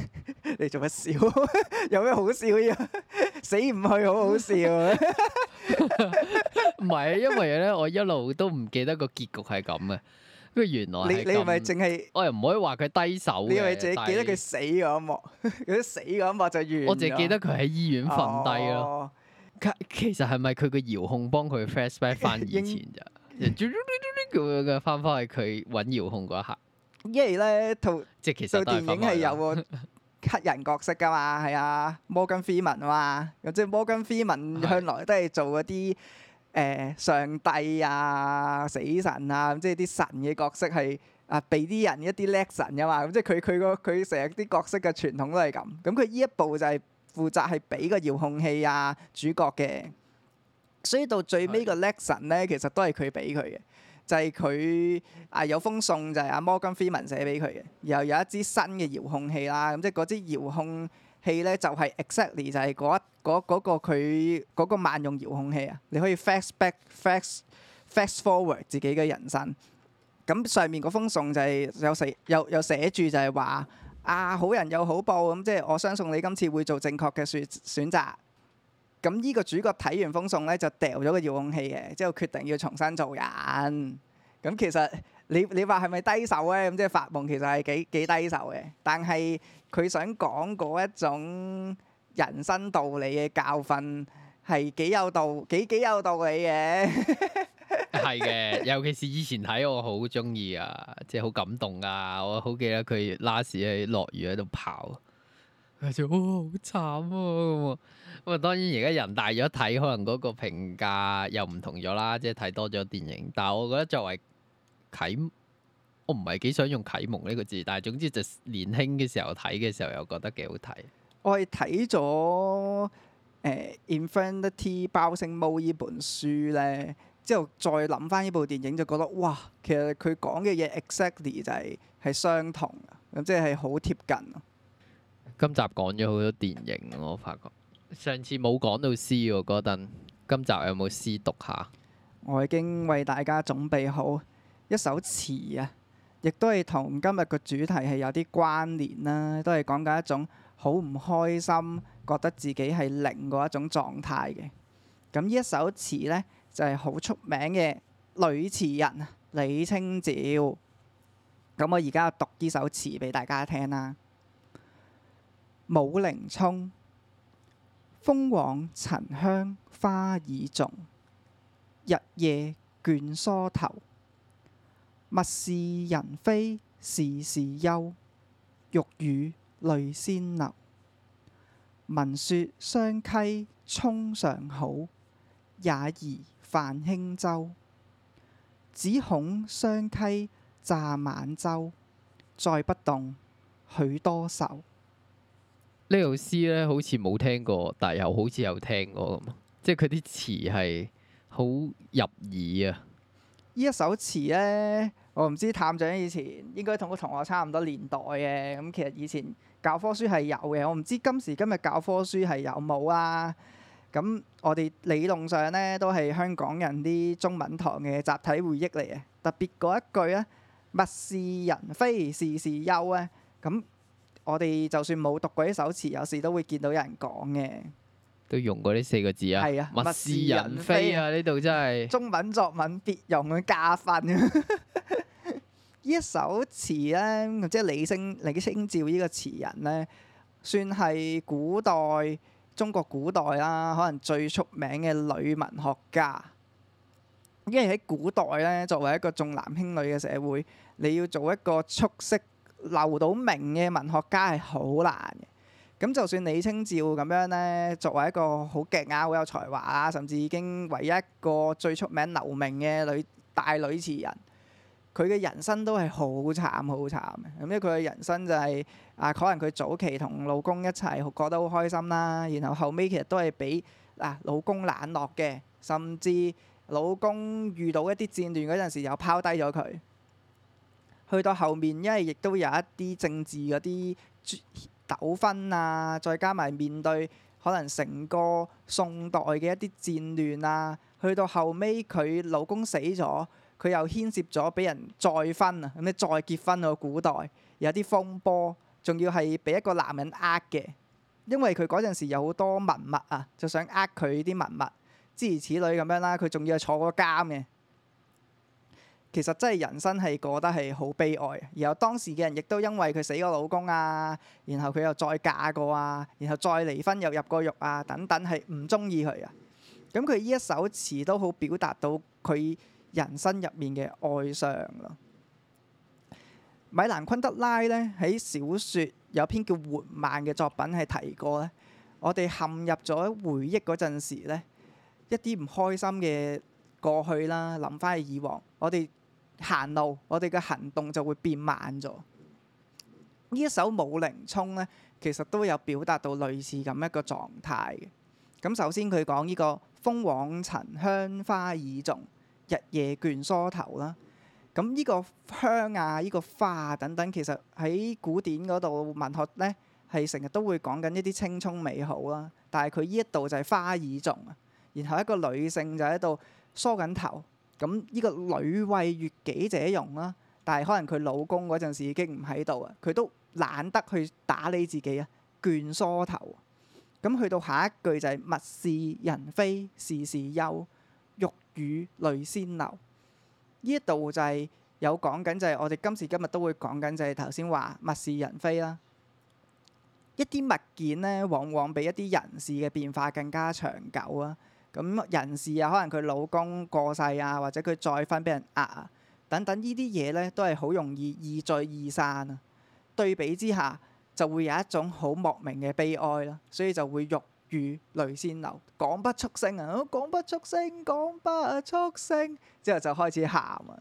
*laughs* 你做乜嘛笑？ *laughs* 有咩好笑？ *laughs* 死唔去，好好笑！唔係啊，因為咧，我一路都唔記得個結局係咁嘅。佢原來係咁，你你唔係淨係，我又唔可以話佢低手。你係咪淨係記得佢死嗰一幕？佢 *laughs* 死嗰一幕就完。我淨係記得佢喺醫院瞓低咯。Oh, oh, oh. 其實係咪佢個遙控幫佢 flash back 翻以前咋？咁樣嘅翻翻去佢揾遙控嗰下。因為咧套即係其實套電影係有個黑人角色噶嘛，係啊，摩根菲文啊嘛，咁即係摩根菲文向來都係做嗰啲。誒、呃、上帝啊，死神啊，即係啲神嘅角色係啊，俾啲人一啲 lesson 啊嘛，咁即係佢佢個佢成日啲角色嘅傳統都係咁，咁佢呢一部就係負責係俾個遙控器啊主角嘅，所以到最尾個 lesson 咧，其實都係佢俾佢嘅，就係、是、佢啊有封信就係阿 Morgan Freeman 寫俾佢嘅，然後有一支新嘅遙控器啦，咁即係嗰支遙控器咧就係、是、exactly 就係嗰。嗰個佢嗰個萬用遙控器啊，你可以 fast back、fast fast forward 自己嘅人生。咁上面嗰封信就係有，有寫有有寫住就係話啊，好人有好報咁，即係我相信你今次會做正確嘅選選擇。咁呢個主角睇完封信咧，就掉咗個遙控器嘅，之後決定要重新做人。咁其實你你話係咪低手咧？咁即係發夢其實係幾幾低手嘅。但係佢想講嗰一種。人生道理嘅教訓係幾有道，幾幾有道理嘅。係 *laughs* 嘅，尤其是以前睇，我好中意啊，即係好感動啊！我好記得佢拉屎喺落雨喺度跑，我就哇好慘啊！咁啊，當然而家人大咗睇，可能嗰個評價又唔同咗啦，即係睇多咗電影。但係我覺得作為啟，我唔係幾想用啟蒙呢個字，但係總之就年輕嘅時候睇嘅時候又覺得幾好睇。我係睇咗《誒 Infinite Browsing Mode》呢本書咧，之後再諗翻呢部電影，就覺得哇，其實佢講嘅嘢 exactly 就係、係、係相同，咁即係好貼近。今集講咗好多電影，我發覺上次冇講到詩喎，嗰陣今集有冇詩讀下？我已經為大家準備好一首詞啊，亦都係同今日嘅主題係有啲關聯啦，都係講緊一種。好唔開心，覺得自己係零嗰一種狀態嘅。咁呢一首詞呢，就係好出名嘅女詞人李清照。咁我而家讀呢首詞俾大家聽啦。武陵春，風住塵香花已盡，日夜倦梳頭。物是人非事事休，欲語淚先流，聞說雙溪春尚好，也擬泛輕舟。只恐雙溪舴艋舟，載不動許，許多愁。呢首詩咧，好似冇聽過，但又好似有聽過咁。即係佢啲詞係好入耳啊！呢一首詞咧。我唔知探長以前應該同個同學差唔多年代嘅，咁其實以前教科書係有嘅，我唔知今時今日教科書係有冇啊？咁我哋理論上呢，都係香港人啲中文堂嘅集體回憶嚟嘅，特別嗰一句咧，物是人非事事休啊。咁我哋就算冇讀過呢首詞，有時都會見到有人講嘅。都用過呢四個字啊！係啊，物是人非啊！呢度真係中文作文必用嘅加分。呢一首詞咧，即係李清李清照呢個詞人咧，算係古代中國古代啦，可能最出名嘅女文學家。因為喺古代咧，作為一個重男輕女嘅社會，你要做一個出色留到名嘅文學家係好難嘅。咁就算李清照咁樣呢，作為一個好勁啊、好有才華啊，甚至已經唯一一個最出名留名嘅女大女詞人，佢嘅人生都係好慘好慘。咁因為佢嘅人生就係、是、啊，可能佢早期同老公一齊過得好開心啦，然後後尾其實都係俾啊老公冷落嘅，甚至老公遇到一啲戰亂嗰陣時又拋低咗佢。去到後面，因為亦都有一啲政治嗰啲。.糾紛啊，再加埋面對可能成個宋代嘅一啲戰亂啊，去到後尾佢老公死咗，佢又牽涉咗俾人再婚啊，咁你再結婚喎，古代有啲風波，仲要係俾一個男人呃嘅，因為佢嗰陣時有好多文物啊，就想呃佢啲文物，諸如此類咁樣啦，佢仲要係坐過監嘅。其實真係人生係過得係好悲哀嘅，然後當時嘅人亦都因為佢死過老公啊，然後佢又再嫁過啊，然後再離婚又入過獄啊等等係唔中意佢啊。咁佢呢一首詞都好表達到佢人生入面嘅哀傷咯。米蘭昆德拉呢喺小説有篇叫《緩慢》嘅作品係提過呢，我哋陷入咗回憶嗰陣時呢，一啲唔開心嘅過去啦，諗翻去以往，我哋，行路，我哋嘅行動就會變慢咗。呢一首《武陵春》呢，其實都有表達到類似咁一個狀態嘅。咁首先佢講呢個風住塵香花已盡，日夜倦梳頭啦。咁、這、呢個香啊，呢、這個花啊等等，其實喺古典嗰度文學呢，係成日都會講緊一啲青蔥美好啦。但係佢呢一度就係花已盡啊，然後一個女性就喺度梳緊頭。咁呢個女為悦己者容啦，但係可能佢老公嗰陣時已經唔喺度啊，佢都懶得去打理自己啊，倦梳頭。咁去到下一句就係、是、物是人非，事事休，欲語淚先流。呢一度就係、是、有講緊就係我哋今時今日都會講緊就係頭先話物是人非啦，一啲物件呢，往往比一啲人事嘅變化更加長久啊。咁人事啊，可能佢老公過世啊，或者佢再婚俾人呃啊，等等呢啲嘢呢，都係好容易易聚易散啊。對比之下，就會有一種好莫名嘅悲哀啦，所以就會欲語淚先流，講不出聲啊，講不出聲，講不出聲，之後就開始喊啊。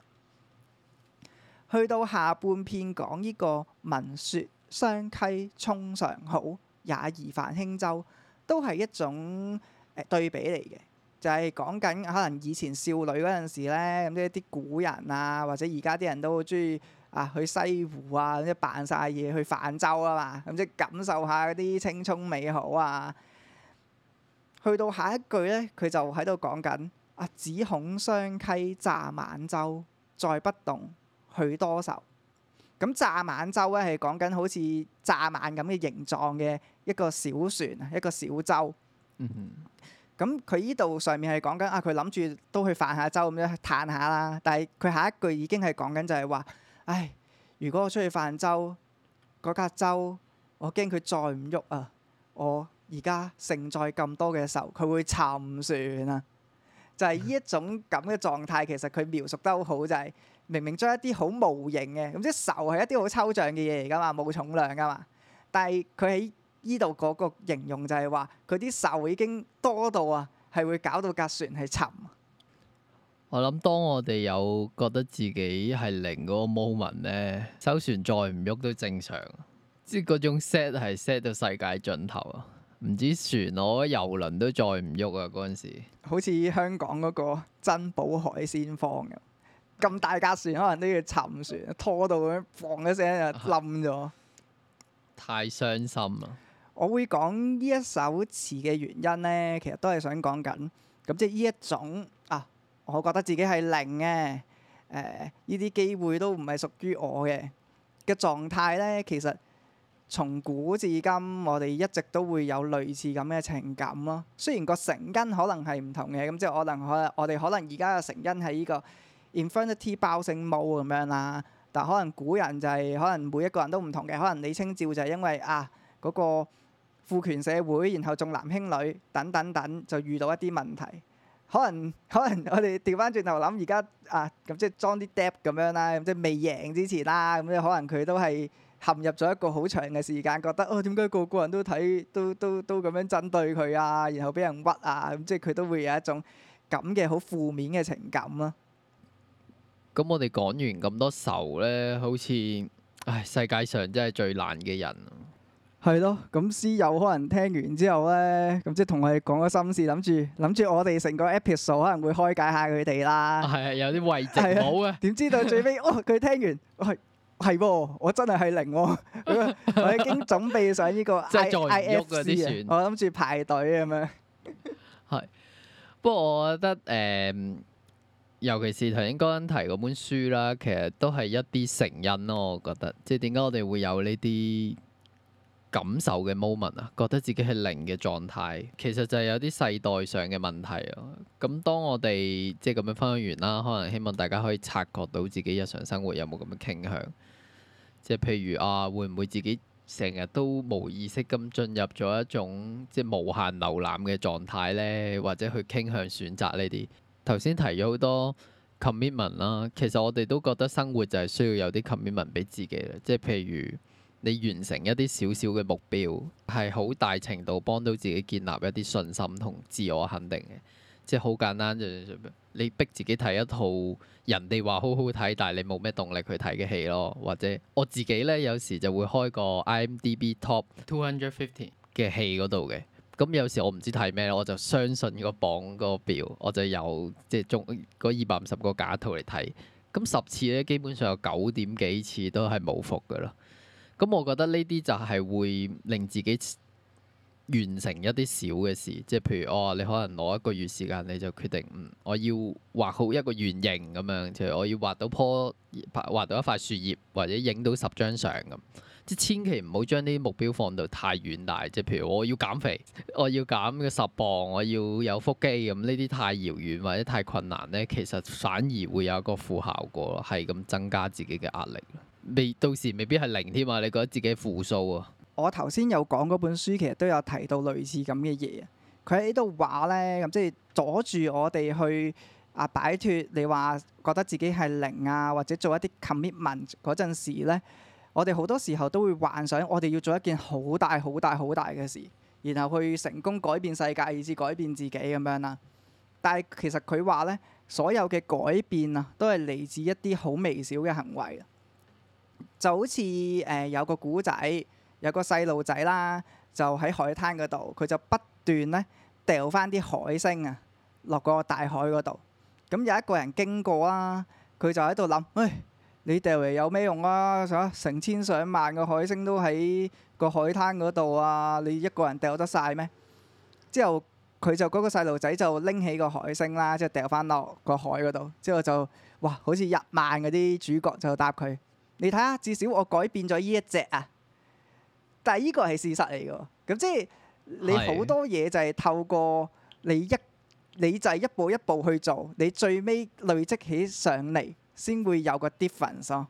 去到下半篇講呢個聞說雙溪春尚好，也擬泛輕舟，都係一種。誒對比嚟嘅，就係講緊可能以前少女嗰陣時咧，咁即係啲古人啊，或者而家啲人都好中意啊去西湖啊，即扮晒嘢去泛舟啊嘛，咁即感受下嗰啲青春美好啊。去到下一句呢，佢就喺度講緊啊，只恐雙溪舴艋舟載不動，許多愁。咁舴艋舟呢，係講緊好似舴艋咁嘅形狀嘅一個小船啊，一個小舟。 *music* 嗯哼，咁佢依度上面係講緊啊，佢諗住都去泛下舟咁樣嘆下啦。但係佢下一句已經係講緊就係話，唉，如果我出去泛舟嗰架舟，我驚佢再唔喐啊！我而家承載咁多嘅愁，佢會沉船啊！就係、是、呢一種咁嘅狀態，其實佢描述得好好，就係、是、明明將一啲好無形嘅，咁即係愁係一啲好抽象嘅嘢嚟㗎嘛，冇重量㗎嘛，但係佢喺，依度嗰個形容就係話，佢啲愁已經多到啊，係會搞到架船係沉。我諗當我哋有覺得自己係零嗰個 moment 咧，艘船再唔喐都正常。即係嗰種 set 係 set 到世界盡頭啊！唔止船我遊輪都再唔喐啊！嗰陣時好似香港嗰個珍寶海鮮舫咁，咁大架船可能都要沉船拖到咁樣放聲，嘣一聲就冧咗。太傷心啦～我會講呢一首詞嘅原因呢，其實都係想講緊，咁即係呢一種啊，我覺得自己係零嘅，誒呢啲機會都唔係屬於我嘅嘅狀態呢。其實從古至今，我哋一直都會有類似咁嘅情感咯。雖然個成因可能係唔同嘅，咁即係可能可我哋可能而家嘅成因係呢個 infinite browsing mode 咁樣啦，但可能古人就係、是、可能每一個人都唔同嘅，可能李清照就係因為啊嗰、嗰個。父權社會，然後重男輕女等等等，就遇到一啲問題。可能可能我哋調翻轉頭諗，而家啊咁即係裝啲跌咁樣啦，即係未贏之前啦，咁即係可能佢都係陷入咗一個好長嘅時間，覺得哦點解個個人都睇都都都咁樣針對佢啊，然後俾人屈啊，咁即係佢都會有一種咁嘅好負面嘅情感咯。咁我哋講完咁多愁咧，好似唉世界上真係最爛嘅人。係咯，咁思友可能聽完之後咧，咁即係同我哋講咗心事，諗住諗住我哋成個 episode 可能會開解下佢哋啦。係啊，有啲慰藉好嘅。點知道最尾哦？佢聽完係係噃，我真係係零喎。我已經準備上呢個即係坐喐嗰啲船。我諗住排隊咁樣。係，不過我覺得誒，尤其是頭先剛剛提嗰本書啦，其實都係一啲成因咯。我覺得，即係點解我哋會有呢啲感受嘅 moment 啊，覺得自己係零嘅狀態，其實就係有啲世代上嘅問題咯。咁當我哋即係咁樣分享完啦，可能希望大家可以察覺到自己日常生活有冇咁樣傾向，即係譬如啊，會唔會自己成日都冇意識咁進入咗一種即係無限瀏覽嘅狀態咧，或者去傾向選擇呢啲。頭先提咗好多 commitment 啦，其實我哋都覺得生活就係需要有啲 commitment 俾自己啦，即係譬如。你完成一啲少少嘅目標，係好大程度幫到自己建立一啲信心同自我肯定嘅，即係好簡單。你逼自己睇一套人哋話好好睇，但係你冇咩動力去睇嘅戲咯。或者我自己咧，有時就會開個 IMDB Top 250嘅戲嗰度嘅。咁有時我唔知睇咩我就相信個榜個表，我就有即係中嗰二百五十個假套嚟睇。咁十次咧，基本上有九點幾次都係冇伏嘅咯。咁、嗯、我覺得呢啲就係會令自己完成一啲小嘅事，即係譬如哦，你可能攞一個月時間，你就決定嗯，我要畫好一個圓形咁樣，就係我要畫到棵畫到一塊樹葉，或者影到十張相咁。即千祈唔好將啲目標放到太遠大，即係譬如我要減肥，我要減嘅十磅，我要有腹肌咁。呢啲太遙遠或者太困難呢，其實反而會有一個負效果，係咁增加自己嘅壓力。未到時，未必係零添啊。你覺得自己負數啊？我頭先有講嗰本書，其實都有提到類似咁嘅嘢。佢喺度話呢，咁即係阻住我哋去啊擺脫。你話覺得自己係零啊，或者做一啲 commitment 嗰陣時呢，我哋好多時候都會幻想我哋要做一件好大好大好大嘅事，然後去成功改變世界，以至改變自己咁樣啦。但係其實佢話呢，所有嘅改變啊，都係嚟自一啲好微小嘅行為。就好似誒有個古仔，有個細路仔啦，就喺海灘嗰度，佢就不斷咧掉翻啲海星啊落個大海嗰度。咁有一個人經過啦，佢就喺度諗：誒、哎，你掉嚟有咩用啊？成千上萬個海星都喺個海灘嗰度啊，你一個人掉得晒咩？之後佢就嗰、那個細路仔就拎起個海星啦，即係掉翻落個海嗰度。之後就哇，好似日漫嗰啲主角就答佢。你睇下，至少我改變咗呢一隻啊！但係呢個係事實嚟嘅，咁即係你好多嘢就係透過你一，你就係一步一步去做，你最尾累積起上嚟，先會有個 difference 咯、嗯。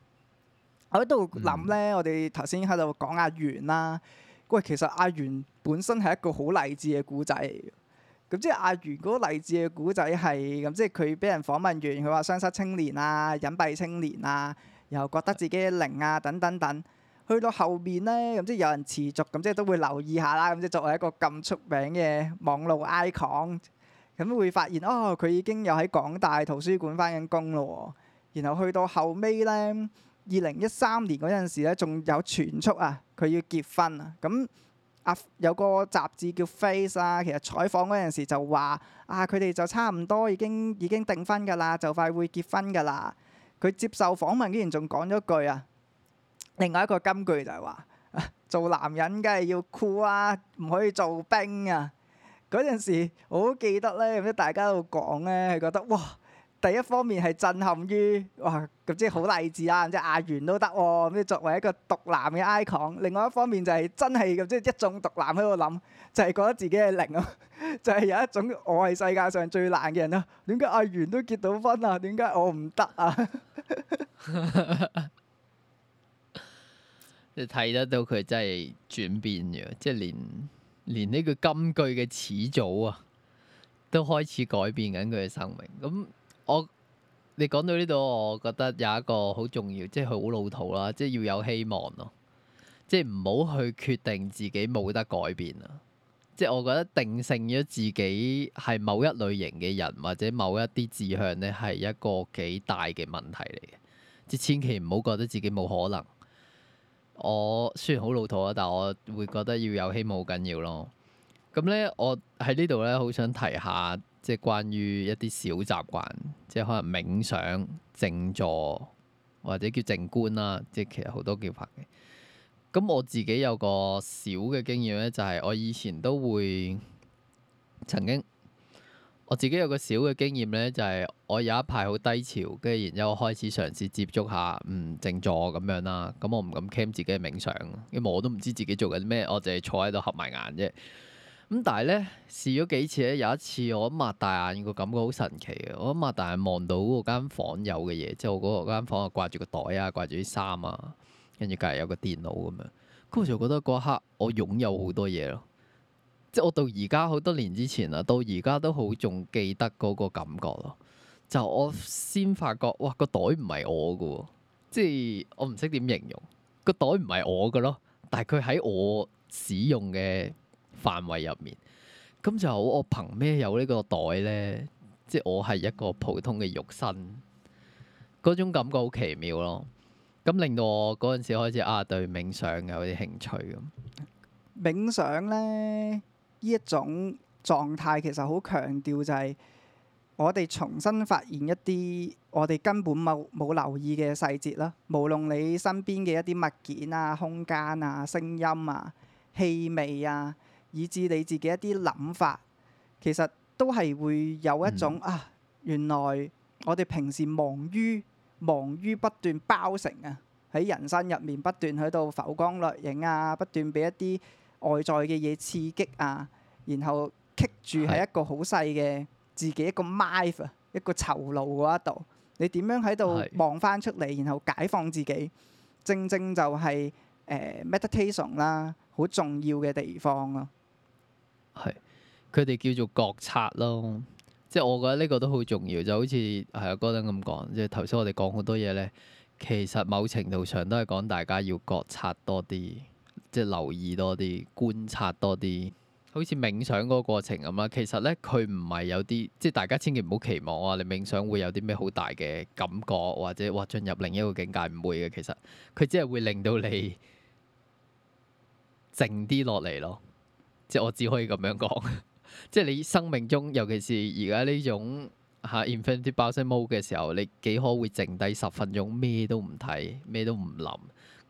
我喺度諗呢，我哋頭先喺度講阿源啦。喂，其實阿源本身係一個好勵志嘅古仔嚟嘅。咁即係阿源嗰個勵志嘅古仔係咁，即係佢俾人訪問完，佢話雙失青年啊，隱蔽青年啊。然後覺得自己零啊等等等，去到後面呢，咁即係有人持續咁即係都會留意下啦。咁即係作為一個咁出名嘅網絡 icon，咁會發現哦佢已經又喺港大圖書館返緊工咯。然後去到後尾呢，二零一三年嗰陣時咧，仲有傳出啊佢要結婚啊。咁啊有個雜誌叫 Face 啊，其實採訪嗰陣時就話啊佢哋就差唔多已經已經訂婚㗎啦，就快會結婚㗎啦。佢接受訪問，竟然仲講咗句啊！另外一個金句就係話：做男人梗係要酷啊，唔可以做兵啊！嗰陣時我好記得咧，大家都講咧，係覺得哇！第一方面係震撼於哇咁即係好勵志啊，即係阿源都得喎，咁作為一個獨男嘅 icon。另外一方面就係真係咁即係一種獨男喺度諗，就係覺得自己係零啊，就係有一種我係世界上最爛嘅人啊。點解阿源都結到婚啊？點解我唔得啊？你睇得到佢真係轉變嘅，即係連連呢個金句嘅始祖啊，都開始改變緊佢嘅生命咁。我你講到呢度，我覺得有一個好重要，即係好老土啦，即係要有希望咯，即係唔好去決定自己冇得改變啊！即係我覺得定性咗自己係某一類型嘅人或者某一啲志向咧，係一個幾大嘅問題嚟嘅，即千祈唔好覺得自己冇可能。我雖然好老土啊，但我會覺得要有希望好緊要咯。咁咧，我喺呢度咧，好想提下，即係關於一啲小習慣，即係可能冥想、靜坐或者叫靜觀啦，即係其實好多叫法嘅。咁我自己有個小嘅經驗咧，就係、是、我以前都會曾經我自己有個小嘅經驗咧，就係、是、我有一排好低潮，跟住然之後開始嘗試接觸下嗯靜坐咁樣啦。咁我唔敢 cam 自己嘅冥想，因為我都唔知自己做緊咩，我淨係坐喺度合埋眼啫。咁但係咧，試咗幾次咧，有一次我擘大眼，個感覺好神奇嘅。我擘大眼望到嗰間房有嘅嘢，即係我嗰個間房啊，掛住個袋啊，掛住啲衫啊，跟住隔離有個電腦咁樣。咁我就覺得嗰一刻我擁有好多嘢咯，即係我到而家好多年之前啦，到而家都好仲記得嗰個感覺咯。就我先發覺，哇，個袋唔係我嘅，即係我唔識點形容，個袋唔係我嘅咯，但係佢喺我使用嘅範圍入面，咁就好，我憑咩有呢個袋呢？即係我係一個普通嘅肉身，嗰種感覺好奇妙咯。咁令到我嗰陣時開始啊，對冥想有啲興趣。冥想呢，呢一種狀態其實好強調就係我哋重新發現一啲我哋根本冇冇留意嘅細節啦。無論你身邊嘅一啲物件啊、空間啊、聲音啊、氣味啊。以至你自己一啲諗法，其實都係會有一種、嗯、啊，原來我哋平時忙於忙於不斷包成啊，喺人生入面不斷喺度浮光掠影啊，不斷俾一啲外在嘅嘢刺激啊，然後棘住喺一個好細嘅自己是一個 mind 一個囚牢嗰一度，你點樣喺度望翻出嚟，是然後解放自己，正正就係、是、誒、呃、meditation 啦，好重要嘅地方咯。係，佢哋叫做覺察咯，即係我覺得呢個都好重要，就好似係阿戈登咁講，即係頭先我哋講好多嘢呢，其實某程度上都係講大家要覺察多啲，即係留意多啲，觀察多啲，好似冥想嗰個過程咁啦。其實呢，佢唔係有啲，即係大家千祈唔好期望話、啊、你冥想會有啲咩好大嘅感覺，或者哇進入另一個境界，唔會嘅。其實佢只係會令到你靜啲落嚟咯。即我只可以咁樣講， *laughs* 即係你生命中，尤其是而家呢種嚇 infinite browsing mode 嘅時候，你幾可會靜低十分鐘，咩都唔睇，咩都唔諗。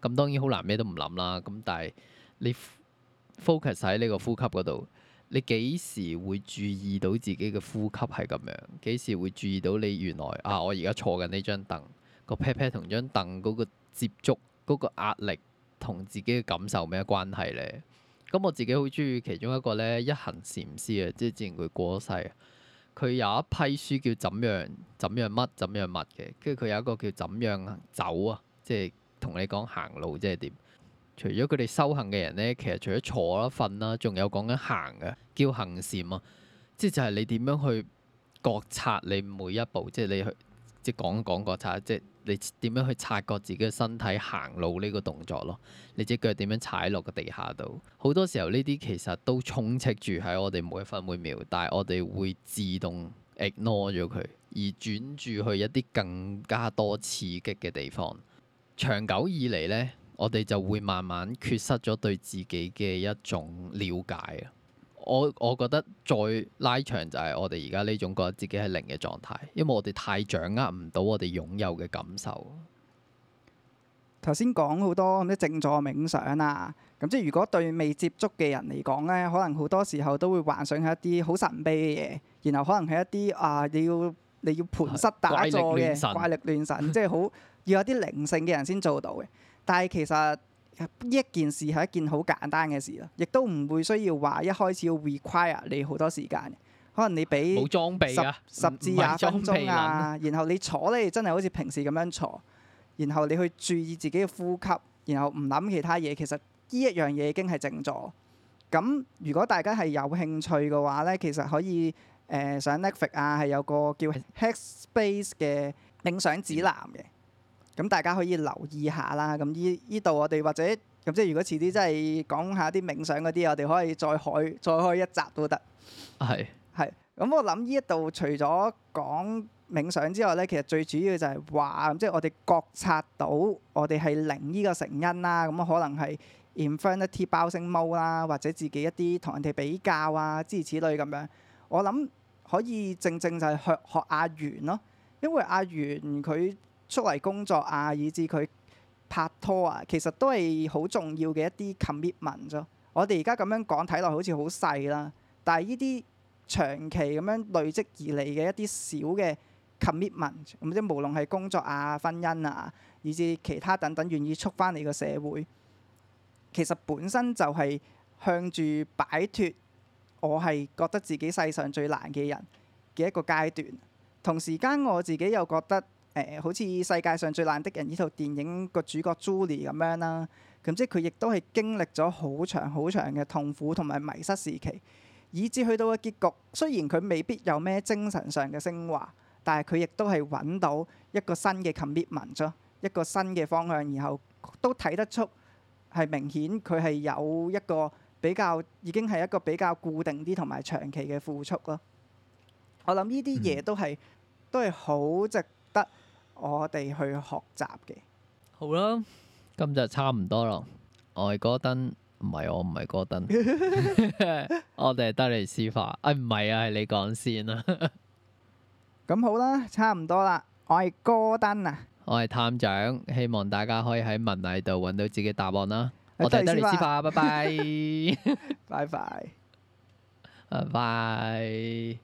咁當然好難咩都唔諗啦。咁但係你 focus 喺呢個呼吸嗰度，你幾時會注意到自己嘅呼吸係咁樣？幾時會注意到你原來啊，我而家坐緊呢張凳，個 pat pat 同張凳嗰個接觸嗰個壓力同自己嘅感受咩關係咧？咁我自己好中意其中一個咧，一行禪師啊，即係之前佢過咗世啊。佢有一批書叫怎樣怎樣乜怎樣乜嘅，跟住佢有一個叫怎樣走啊，即係同你講行路即係點。除咗佢哋修行嘅人咧，其實除咗坐啦、瞓啦，仲有講緊行嘅，叫行禪啊。即係就係你點樣去覺察你每一步，即係你去即係講講覺察即係。你點樣去察覺自己嘅身體行路呢個動作咯？你隻腳點樣踩落個地下度？好多時候呢啲其實都充斥住喺我哋每一分每秒，但係我哋會自動 ignore 咗佢，而轉住去一啲更加多刺激嘅地方。長久以嚟呢，我哋就會慢慢缺失咗對自己嘅一種了解啊。我我覺得再拉長就係我哋而家呢種覺得自己係零嘅狀態，因為我哋太掌握唔到我哋擁有嘅感受。頭先講好多啲靜坐冥想啊，咁即係如果對未接觸嘅人嚟講呢，可能好多時候都會幻想係一啲好神秘嘅嘢，然後可能係一啲啊、呃、你要你要盤膝打坐嘅怪， *laughs* 怪力亂神，即係好要有啲靈性嘅人先做到嘅，但係其實。呢一件事係一件好簡單嘅事啦，亦都唔會需要話一開始要 require 你好多時間。可能你俾冇裝備十至廿分鐘啊，然後你坐咧，真係好似平時咁樣坐，然後你去注意自己嘅呼吸，然後唔諗其他嘢，其實呢一樣嘢已經係靜坐。咁如果大家係有興趣嘅話咧，其實可以誒、呃、上 Netflix 啊，係有個叫 Head Space 嘅冥想指南嘅。咁大家可以留意下啦。咁呢依度我哋或者咁，即係如果遲啲真係講下啲冥想嗰啲，我哋可以再開再開一集都得。係係是。咁我諗呢一度除咗講冥想之外咧，其實最主要就係、是、話，即係我哋覺察到我哋係零依個成因啦。咁可能係 infinite browsing mode 啦，或者自己一啲同人哋比較啊，諸如此類咁樣。我諗可以正正就係學學阿源咯，因為阿源佢。出嚟工作啊，以至佢拍拖啊，其實都係好重要嘅一啲 commitment 啫。我哋而家咁樣講睇落好似好細啦，但係呢啲長期咁樣累積而嚟嘅一啲小嘅 commitment，咁即係無論係工作啊、婚姻啊，以至其他等等，願意出翻嚟嘅社會，其實本身就係向住擺脫我係覺得自己世上最爛嘅人嘅一個階段。同時間我自己又覺得。誒，好似世界上最爛的人呢套電影個主角 Julie 咁樣啦，咁即係佢亦都係經歷咗好長好長嘅痛苦同埋迷失時期，以至去到嘅結局，雖然佢未必有咩精神上嘅升華，但係佢亦都係揾到一個新嘅 commitment 啫，一個新嘅方向，然後都睇得出係明顯佢係有一個比較已經係一個比較固定啲同埋長期嘅付出咯。我諗呢啲嘢都係、嗯、都係好值得。我哋去學習嘅好啦，今集差唔多啦。我係戈登，唔係我唔係戈登，我哋係德尼思化。哎，唔係啊，係你講先啦。咁好啦，差唔多啦。我係戈登啊，我係探長，希望大家可以喺文藝度揾到自己答案啦。我哋係德尼思化，拜拜，拜拜，bye。